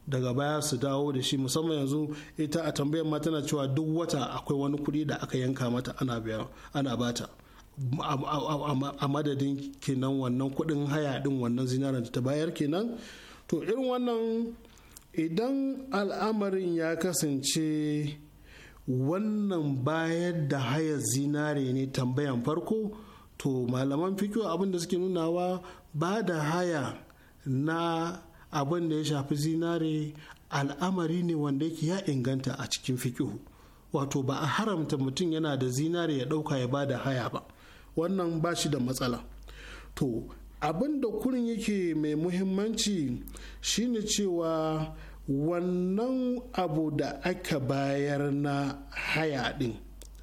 daga baya su dawo da shi musamman yanzu ita a tambayar ma tana cewa duk wata akwai wani kuɗi da aka yanka mata ana ba ana bata a madadin kenan wannan kudin haya din wannan zinaran ta bayar kenan to irin wannan idan al'amarin ya kasance wannan bayar da haya zinare ne tambayan farko to malaman fikiyo abin da suke nunawa ba da haya na abin da ya shafi zinare al'amari ne wanda yake ya inganta a cikin fiƙo. wato ba a haramta mutum yana da zinare ya ɗauka ya ba da haya ba wannan ba shi da matsala to abin da kurin yake mai muhimmanci shine cewa wannan abu da aka bayar na haya din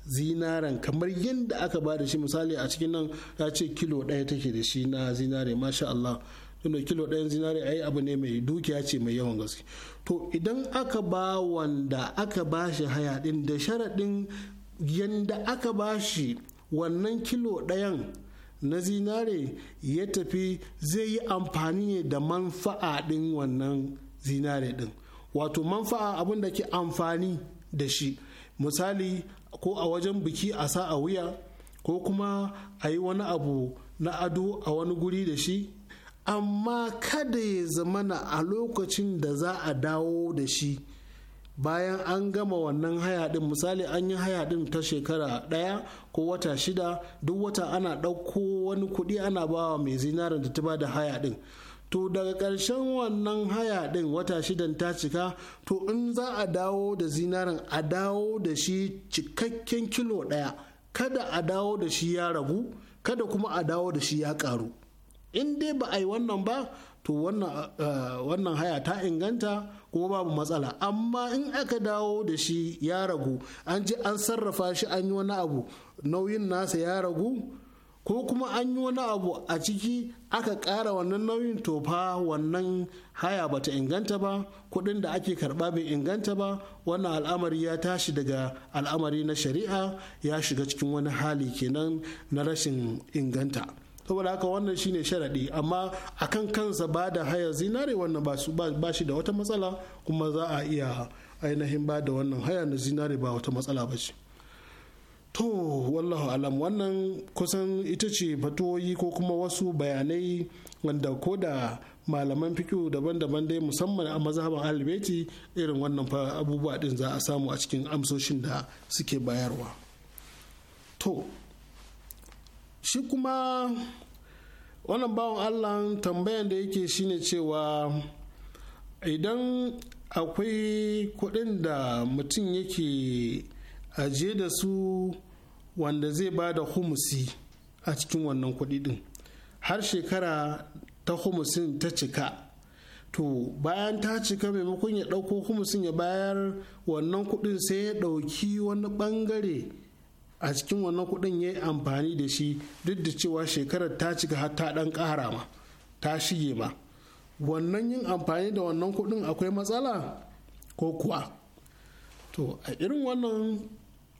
zinaren kamar yadda aka ba da shi misali a cikin nan ta ce kilo ɗaya take da shi na zinare masha Allah tunda kilo ɗayan zinare ai abu ne mai dukiya ce mai yawan gaske to idan aka ba wanda aka ba shi haya ɗin da sharaɗin yadda aka ba shi wannan kilo ɗayan na zinare ya tafi zai yi amfani ne da manfa'a ɗin wannan zinare ɗin wato manfa'a abin da ke amfani da shi misali ko a wajen biki a sa a wuya ko kuma a yi wani abu na ado a wani guri da shi amma kada ya zamana a lokacin da za a dawo da shi bayan an gama wannan haya din misali an yi haya din ta shekara ɗaya ko wata shida duk wata ana ɗauko wani kuɗi ana bawa mai zinarin da ta ba da haya din to daga ƙarshen wannan haya ɗin wata shidan ta cika to in za a dawo da zinarin a dawo da shi cikakken kilo ɗaya kada a dawo da shi ya ragu kada kuma a dawo da shi ya ƙaru in dai ba a yi wannan ba to eh, wannan haya ta inganta kuma babu matsala amma in aka dawo da shi ya ragu an ji an sarrafa shi an yi wani abu nauyin nasa ya ragu ko kuma an yi wani abu a ciki aka ƙara wannan nauyin tofa wannan haya bata inganta ba kuɗin da ake karɓa bai inganta ba wannan al'amari ya tashi daga al'amari na shari'a ya shiga cikin wani hali kenan na rashin inganta saboda haka wannan shine sharadi amma a kan kansa ba da haya zinare wannan ba shi da wata matsala kuma za a iya ainihin ba da wannan haya na zinare ba wata matsala ba ce to wallahu alam wannan kusan ita ce fatoyi ko kuma wasu bayanai wanda ko da malaman fikihu daban-daban dai musamman a mazhaban albeti irin wannan abubuwa din za a samu a cikin amsoshin da suke bayarwa to shi kuma wannan bawan allah tambayan da yake shine cewa idan akwai kuɗin da mutum yake ajiye da su wanda zai ba da humusi a cikin wannan kuɗi din, har shekara ta humusin ta cika to bayan ta cika maimakon ya ɗauko humusin ya bayar wannan kuɗin sai ya ɗauki wani ɓangare a cikin wannan kuɗin ya yi amfani da shi duk da cewa shekarar ta cika har ta ɗan ƙara ma ta shige ma wannan yin amfani da wannan kuɗin akwai matsala ko kuwa to a irin wannan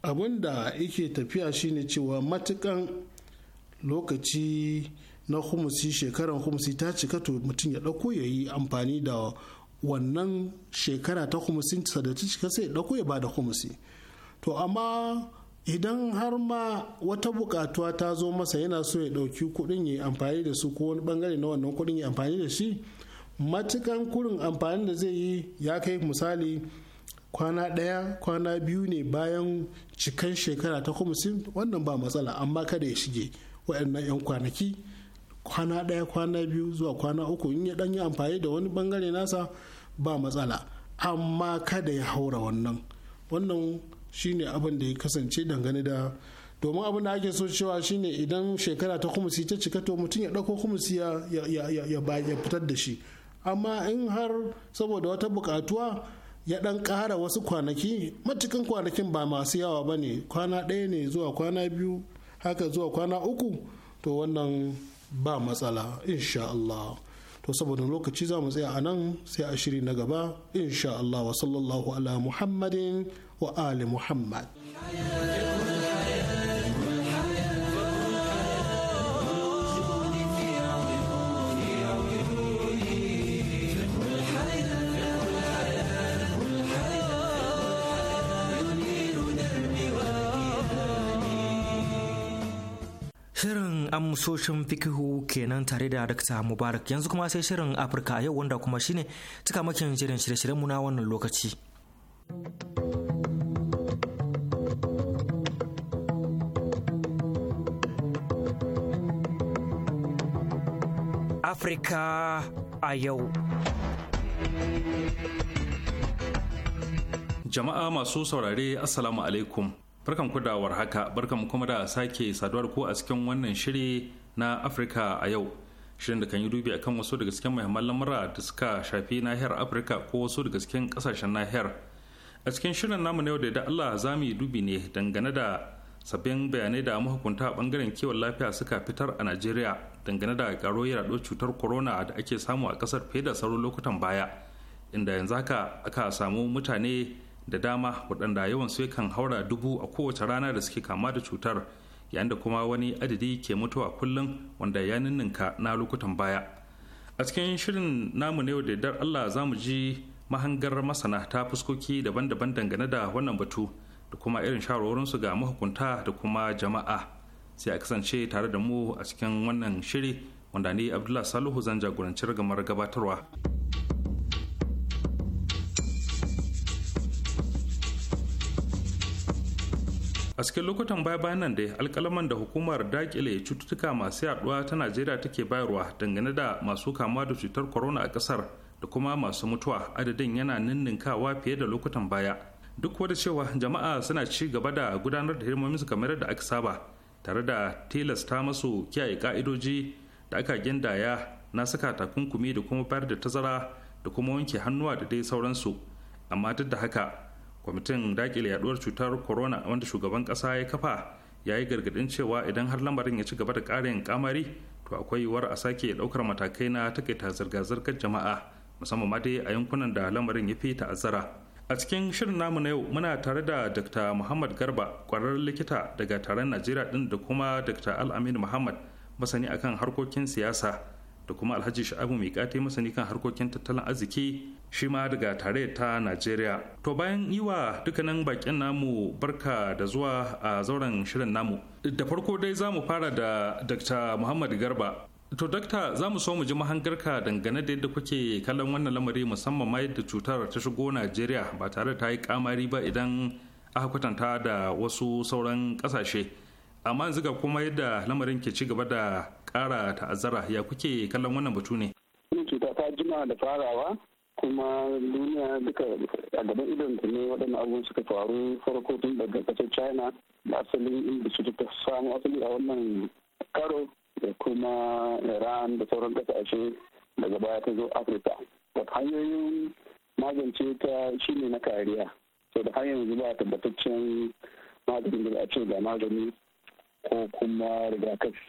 abin da yake tafiya shine cewa matukan lokaci na humusi shekarar humusi ta cika to mutum ya ɗauko ya yi amfani da wannan shekara ta humusin da ta cika sai ya ɗauko ya ba da humusi to amma idan har ma wata bukatuwa ta zo masa yana so ya ɗauki kuɗin ya amfani da su ko wani bangare na wannan kuɗin ya amfani da shi matukan kurin amfani da zai yi ya kai misali kwana ɗaya kwana biyu ne bayan cikan shekara ta kwamisin wannan ba matsala amma kada ya shige waɗannan 'yan kwanaki kwana ɗaya kwana biyu zuwa kwana uku in ya ɗan yi amfani da wani bangare nasa ba matsala amma kada ya haura wannan wannan shine abin da ya kasance dangane da domin abin da ake so cewa shine idan shekara ta kumusi ta cika to mutum ya ɗauko kumusi ya fitar da shi amma in har saboda wata bukatuwa ya dan kara wasu kwanaki matukan kwanakin ba masu yawa ba ne kwana ɗaya ne zuwa kwana biyu haka zuwa kwana uku to wannan ba matsala insha Allah. to saboda lokaci za mu tsaya a nan sai a shiri na gaba insha Allah wa sallallahu ala muhammadin wa ali muhammad amsoshin fikihu kenan tare da Dr. Mubarak yanzu kuma sai shirin Afirka a yau wanda kuma shine cika makin jirin shirye-shiryen mu na wannan lokaci. Afirka a yau. Jama'a masu saurare Assalamu alaikum barkan ku da warhaka barkan kuma da sake saduwar ko a cikin wannan shiri na afirka a yau shirin da kan yi dubi akan wasu daga cikin muhimman lamura da suka shafi nahiyar afirka ko wasu daga cikin kasashen nahiyar a cikin shirin namu na yau da allah za mu yi dubi ne dangane da sabbin bayanai da mahukunta a bangaren kiwon lafiya suka fitar a najeriya dangane da karo yaɗo cutar corona da ake samu a kasar fiye da sauran lokutan baya inda yanzu haka aka samu mutane da dama waɗanda yawan su kan haura dubu a kowace rana da suke kama da cutar yayin da kuma wani adadi ke mutuwa kullum wanda ya ninninka na lokutan baya a cikin shirin namu na yau da dar allah za mu ji mahangar masana ta fuskoki daban-daban dangane da wannan batu da kuma irin su ga mahukunta da kuma jama'a sai a kasance tare da mu a cikin wannan shiri wanda ni abdullah saluhu zan jagoranci ragamar gabatarwa. a cikin lokutan baya bayan nan dai alkalaman da hukumar dakile cututtuka masu yaduwa ta najeriya take bayarwa dangane da masu kamuwa da cutar corona a kasar da kuma masu mutuwa adadin yana ninninkawa fiye da lokutan baya duk wadda cewa jama'a suna ci gaba da gudanar da su kamar yadda aka saba tare da tilasta masu kiyaye ka'idoji da aka gindaya na saka takunkumi da kuma bayar da tazara da kuma wanke hannuwa da dai sauransu amma duk da haka kwamitin dakile yaduwar cutar corona wanda shugaban kasa ya kafa ya yi gargadin cewa idan har lamarin ya ci gaba da karin kamari to akwai yiwuwar a sake daukar matakai na takaita zirga-zirgar jama'a musamman ma dai a yankunan da lamarin ya fi ta'azzara a cikin shirin namu na yau muna tare da dr muhammad garba kwararren likita daga taron najeriya din da kuma dr al'amin muhammad masani akan harkokin siyasa da kuma alhaji sha'abu mai kate masani kan harkokin tattalin arziki shi ma daga tare ta Najeriya. To bayan yi wa dukkanin bakin namu barka da zuwa a zauren shirin namu. Da farko dai za mu fara da Dr. Muhammad Garba. To dakta za mu so mu ji mahangarka dangane da yadda kuke kallon wannan lamari musamman ma yadda cutar ta shigo Najeriya ba tare ta yi kamari ba idan aka kwatanta da wasu sauran kasashe. Amma yanzu kuma yadda lamarin ke ci gaba da ƙara ta'azzara ya kuke kallon wannan batu ne. Cuta ta jima da farawa kuma duniya duka a gaban idon ne waɗannan abubuwan suka faru farko tun daga ƙasar china da asalin inda su ta samu asali a wannan karo da kuma iran da sauran ƙasashe daga baya ta zo afirka wata hanyoyin magance ta shine na kariya so da har yanzu ba tabbataccen maganin da a ce ga magani ko kuma rigakafi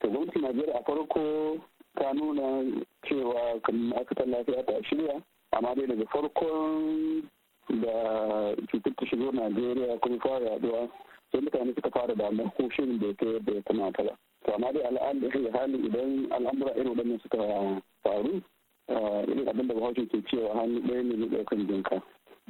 to gwamnatin najeriya a farko ta nuna cewa ma'aikatar lafiya ta shirya amma dai daga farkon da cutar ta shigo najeriya kuma fara yaduwa sai mutane suka fara damar ko shirin da ta yadda ya kamata ba to amma dai al'adun shi hali idan al'amura irin wadannan suka faru eh, irin abinda da bahaushe ke cewa hannu ɗaya ne ne ɗaukan jinka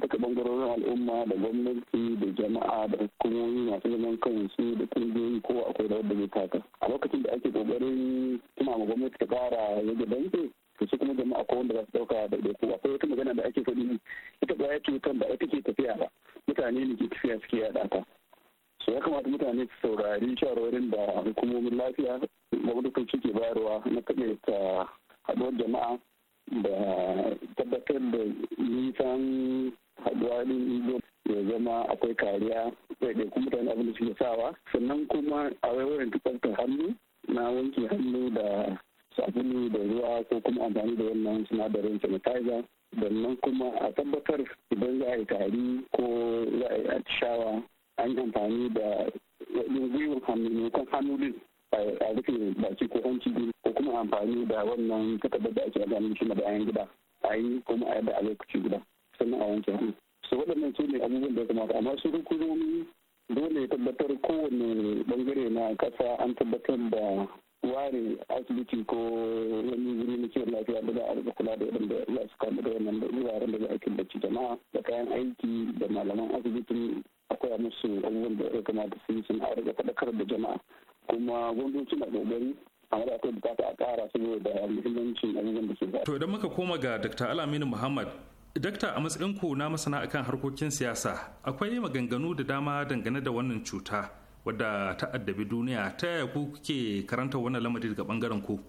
daga bangarorin al'umma da gwamnati da jama'a da hukumomi masu zaman kansu da kungiyoyi ko akwai da wadda zai taka a lokacin da ake kokarin tuna ma gwamnati ta kara ga banki to su kuma jama'a ko wanda za su dauka da ko akwai wata magana da ake faɗi ita ba ya cutar ba ita ke tafiya ba mutane ne ke tafiya suke yaɗa ta so ya kamata mutane su saurari shawarwarin da hukumomin lafiya gwamnatin ke bayarwa na ta haɗuwar jama'a da tabbatar da nisan haɗuwa ɗin ya zama akwai kariya Sai da kuma mutane abin da suke sawa sannan kuma a wayoyin tsaftar hannu na wanke hannu da sabulu da ruwa ko kuma amfani da wannan sinadarin sanitizer sannan kuma a tabbatar idan za a yi tari ko za a yi atishawa an yi amfani da wajen gwiwar hannu ne kan hannu din a rufe baki ko hanci din ko kuma amfani da wannan takardar da ake amfani shi na bayan gida a yi kuma a yadda a lokaci guda. sannan a wanke hannu su waɗannan su ne abubuwan da kamata amma su hukumomi dole ya tabbatar kowane bangare na ƙasa an tabbatar da ware asibiti ko wani wuri na kiwon lafiya da za a rika kula da waɗanda za su kama da wannan wuraren da za a killace jama'a da kayan aiki da malaman asibitin akwai musu abubuwan da ya kamata su yi sun a rika faɗakar da jama'a kuma gwamnati na ƙoƙari amma da akwai bukata a ƙara saboda muhimmancin abubuwan da su To idan muka koma ga Dr. Alaminu Muhammad dakta a matsayinku na masana akan harkokin siyasa akwai maganganu da dama dangane da wannan cuta wadda ta addabi duniya ta yaya ku kuke karanta wannan lamari daga bangaren ku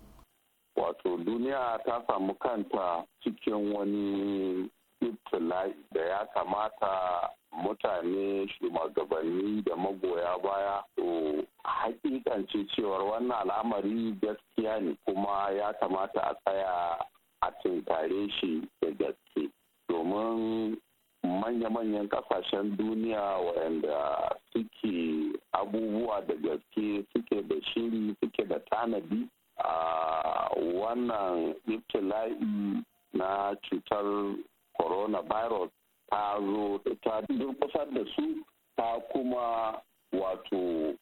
wato duniya ta samu kanta cikin wani ibtila'i da ya kamata mutane shugabanni da magoya baya to hakikance cewar wannan al'amari gaskiya ne kuma ya kamata a tsaya a tunkare shi da gaske domin manya-manyan kasashen duniya waɗanda suke abubuwa da gaske suke da shiri suke da tanadi a wannan iftila'i na cutar coronavirus ta zo ta durkusar da su ta kuma wato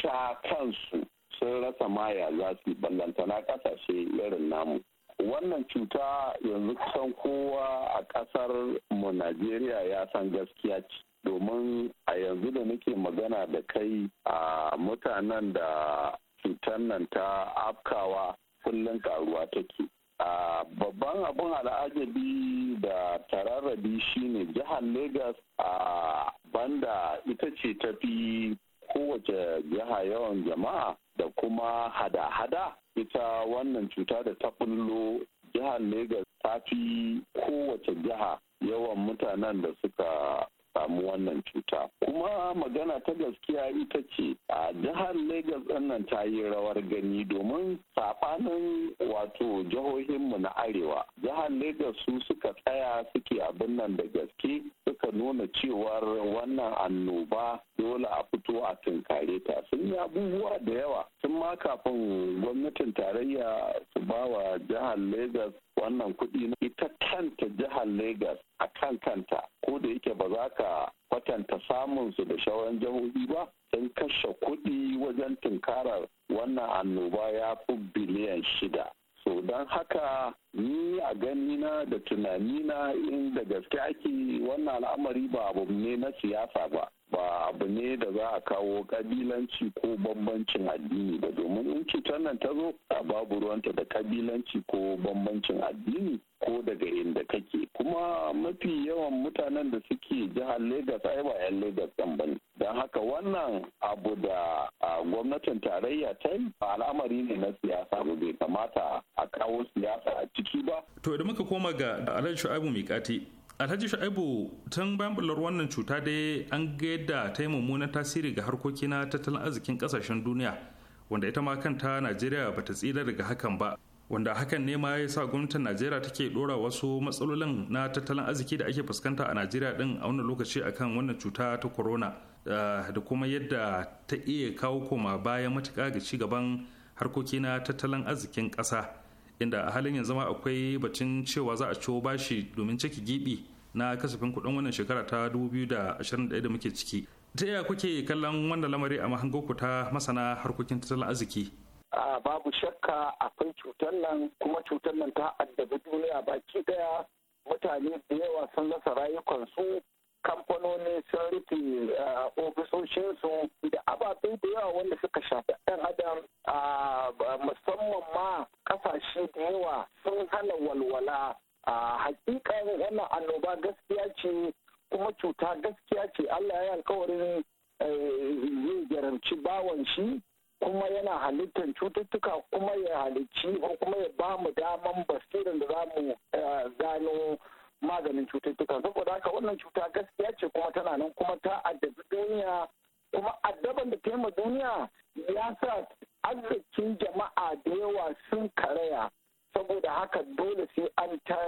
sha kansu sun rasa maya za su ballantana kasashe irin namu wannan cuta yanzu kusan kowa a ƙasar mu najeriya ya san gaskiya ce domin a yanzu da nake magana da kai a mutanen da cutar nan ta afkawa kullum karuwa take a babban abin al'ajabi da tararrabi shine jihar Lagos, a banda ita ce ta fi. kowace jiha yawan jama'a da kuma hada-hada ita wannan cuta da ta bullo jihar Legas ta fi kowace jiha yawan mutanen da suka samu wannan cuta kuma magana ta gaskiya ita ce a jihar lagos nan ta yi rawar gani domin saɓanin wato jihohinmu na arewa jihar lagos su suka tsaya suke abin nan da gaske suka nuna cewar wannan annoba dole a fito a tunkare ta sun yi abubuwa da yawa sun ma kafin gwamnatin tarayya su bawa jihar lagos wannan kuɗi ita kanta jihar Legas a kan kanta ko da yake ba za ka kwatanta samunsu da shauran jihohi ba in kashe kuɗi wajen tunkarar wannan annoba ya fi biliyan shida. So don haka ni a ganina da tunanina in da gaske ake wannan al'amari ba abu ne na siyasa ba. ba abu ne da za a kawo kabilanci ko bambancin addini ba domin in cutar nan ta zo a babu ruwanta da kabilanci ko bambancin addini ko daga inda kake kuma mafi yawan mutanen da suke jihar Legas ai ba 'yan Legas ɗan don haka wannan abu da gwamnatin tarayya ta yi al'amari ne na siyasa ba bai kamata a kawo siyasa a ciki ba to idan muka koma ga Alhaji Shu'aibu Mikati alhaji shu'aibu tun bayan bullar wannan cuta dai an ga yadda ta yi mummunan tasiri ga harkoki na tattalin arzikin kasashen duniya wanda ita ma kanta najeriya ba ta tsira daga hakan ba wanda hakan ne ma ya sa gwamnatin najeriya take dora wasu matsalolin na tattalin arziki da ake fuskanta a najeriya din a wannan lokaci akan wannan cuta ta corona eh, da kuma yadda ta iya kawo koma bayan matuƙa ga ci gaban harkoki na tattalin arzikin ƙasa inda a halin yanzu ma akwai batun cewa za a ciwo bashi domin ciki gibi na kasafin kuɗin wannan shekara ta 2021 da muke ciki ta iya kuke kallon wannan lamari a mahangoku ta masana harkokin tattalin arziki a babu shakka akwai cutar nan kuma cutar nan ta addabi duniya baki daya mutane da yawa sun rasa rayukansu kamfanoni sun rufe uh, ofisoshinsu da ababe da yawa wanda suka shafi ɗan adam uh, musamman ma ƙasashe da yawa sun hana walwala a uh, hakikan wannan annoba gaskiya ce kuma cuta gaskiya ce allah ya alkawarin zai jaramci bawan shi kuma yana halittar cututtuka kuma ya halicci ko kuma ya ba mu daman basirin da za mu gano maganin cututtuka saboda haka wannan cuta gaskiya ce kuma tana nan kuma ta addabi duniya kuma addaban da ta yi duniya ya sa arzikin jama'a da yawa sun karaya saboda haka dole sai an ta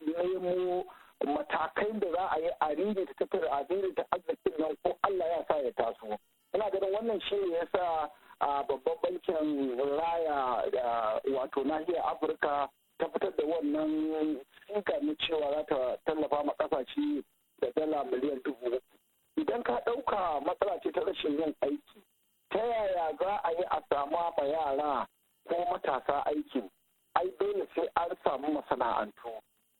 nemo matakai da za a yi a rinje ta tattara a ta arzikin nan ko Allah ya sa ya taso ina ganin wannan shi ne yasa a babban bankin raya wato nahiyar Afirka ta fitar da wannan sun kamu cewa za ta tallafa ma kasashe da dala miliyan dubu idan ka ɗauka matsala ce ta rashin yin aiki ta yaya za a yi a samu ma yara ko matasa aikin ai dole sai an samu masana'antu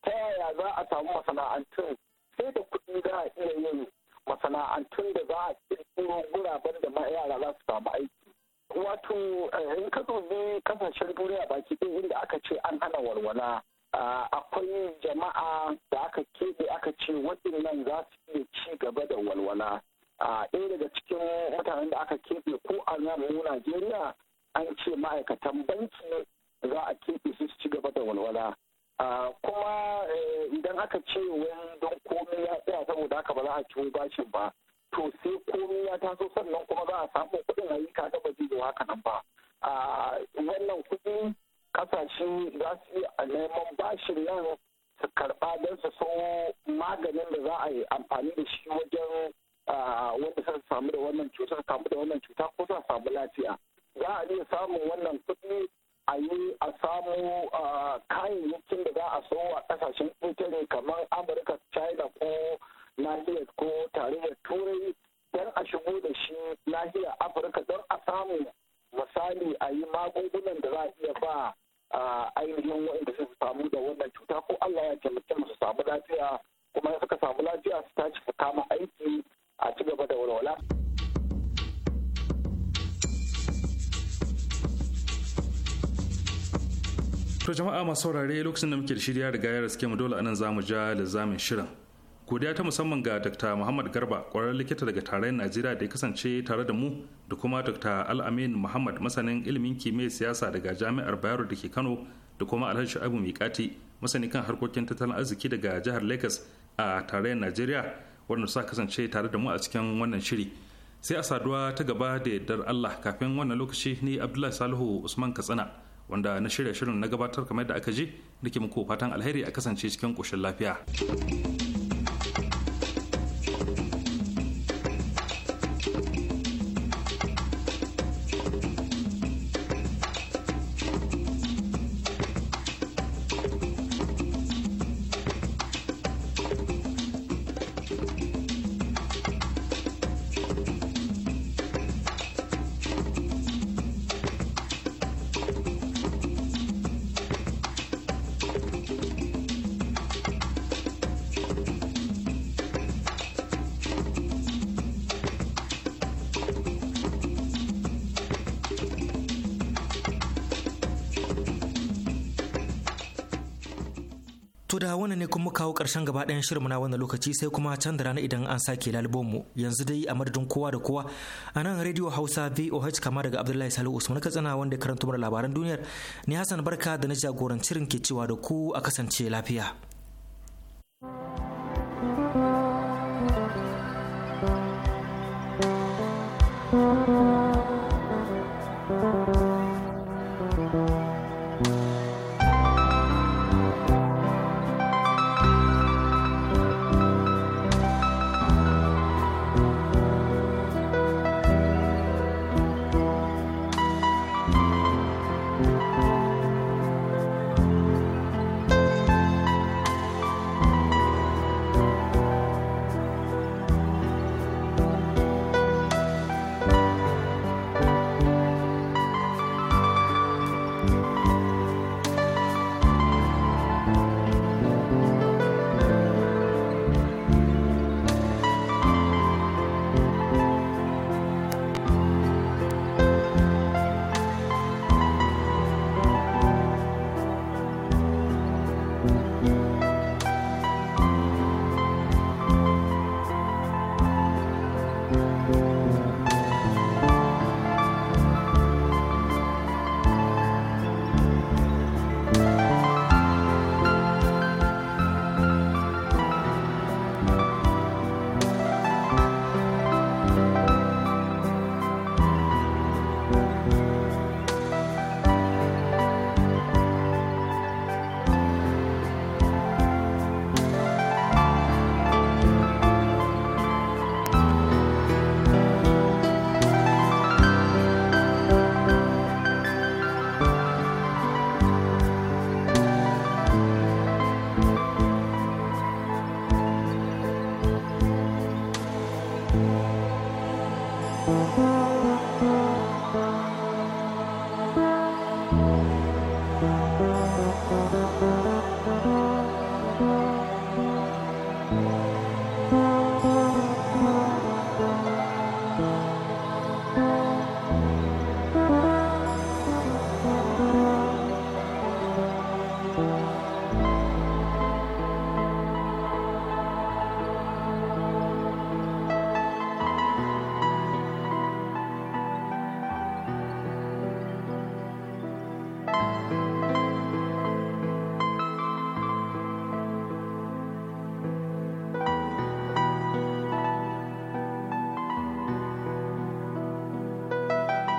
ta yaya za a samu masana'antun sai da kuɗi za a iya yin masana'antun da za a ƙirƙiro guraben da yara za su samu aiki wato eh, in ka dubi kasashen duniya baki ɗaya inda aka ce an hana walwala akwai jama'a da aka keɓe aka ce waɗannan za su iya ci gaba da walwala ɗaya daga cikin mutanen da aka keɓe ko a mu najeriya an ce ma'aikatan banki za a keɓe su ci gaba da walwala kuma eh, idan aka ce wani don komai ya tsaya saboda haka ba za a ci bashin ba to sai komai ya taso sannan kuma za a samu kuɗin ayyuka da ba zai haka nan ba wannan kuɗi kasashe za su yi a neman bashin nan su karba don su so maganin da za a yi amfani da shi wajen wanda sun samu da wannan cutar samu da wannan cuta ko sun samu lafiya za a iya samun wannan kuɗi a yi a samu kayayyakin da za a so a kasashen ƙetare kamar amurka china ko nahiyar ko tarayyar turai don a shigo da shi nahiyar afirka don a samu misali a yi magungunan da za a iya ba a ainihin wanda suka samu da wannan cuta ko Allah ya taimake mu su samu lafiya kuma ya suka samu lafiya su tashi su kama aiki a ci gaba da walwala. To jama'a masu saurare lokacin da muke da shirya gayar da suke mu dole anan zamu ja da zamin shirin. godiya ta musamman ga dr muhammad garba kwarar likita daga tarayyar najeriya da ya kasance tare da mu da kuma dr al'amin muhammad masanin ilimin kimiyyar siyasa daga jami'ar bayero da ke kano da kuma alhaji shu'abu mikati masani kan harkokin tattalin arziki daga jihar lagos a tarayyar najeriya wanda suka kasance tare da mu a cikin wannan shiri sai a saduwa ta gaba da yardar allah kafin wannan lokaci ni abdullahi salihu usman katsina wanda na shirya shirin na gabatar kamar da aka ji da muku fatan alheri a kasance cikin koshin lafiya. karshen gaba ɗayan shirin na wannan lokaci sai kuma can da rana idan an sake mu yanzu dai a madadin kowa da kowa a nan rediyo hausa voh kama daga abdullahi salihu usman katsina wanda ya karanta mana labaran duniyar ni hassan barka da na jagorancin ke cewa da ku a kasance lafiya.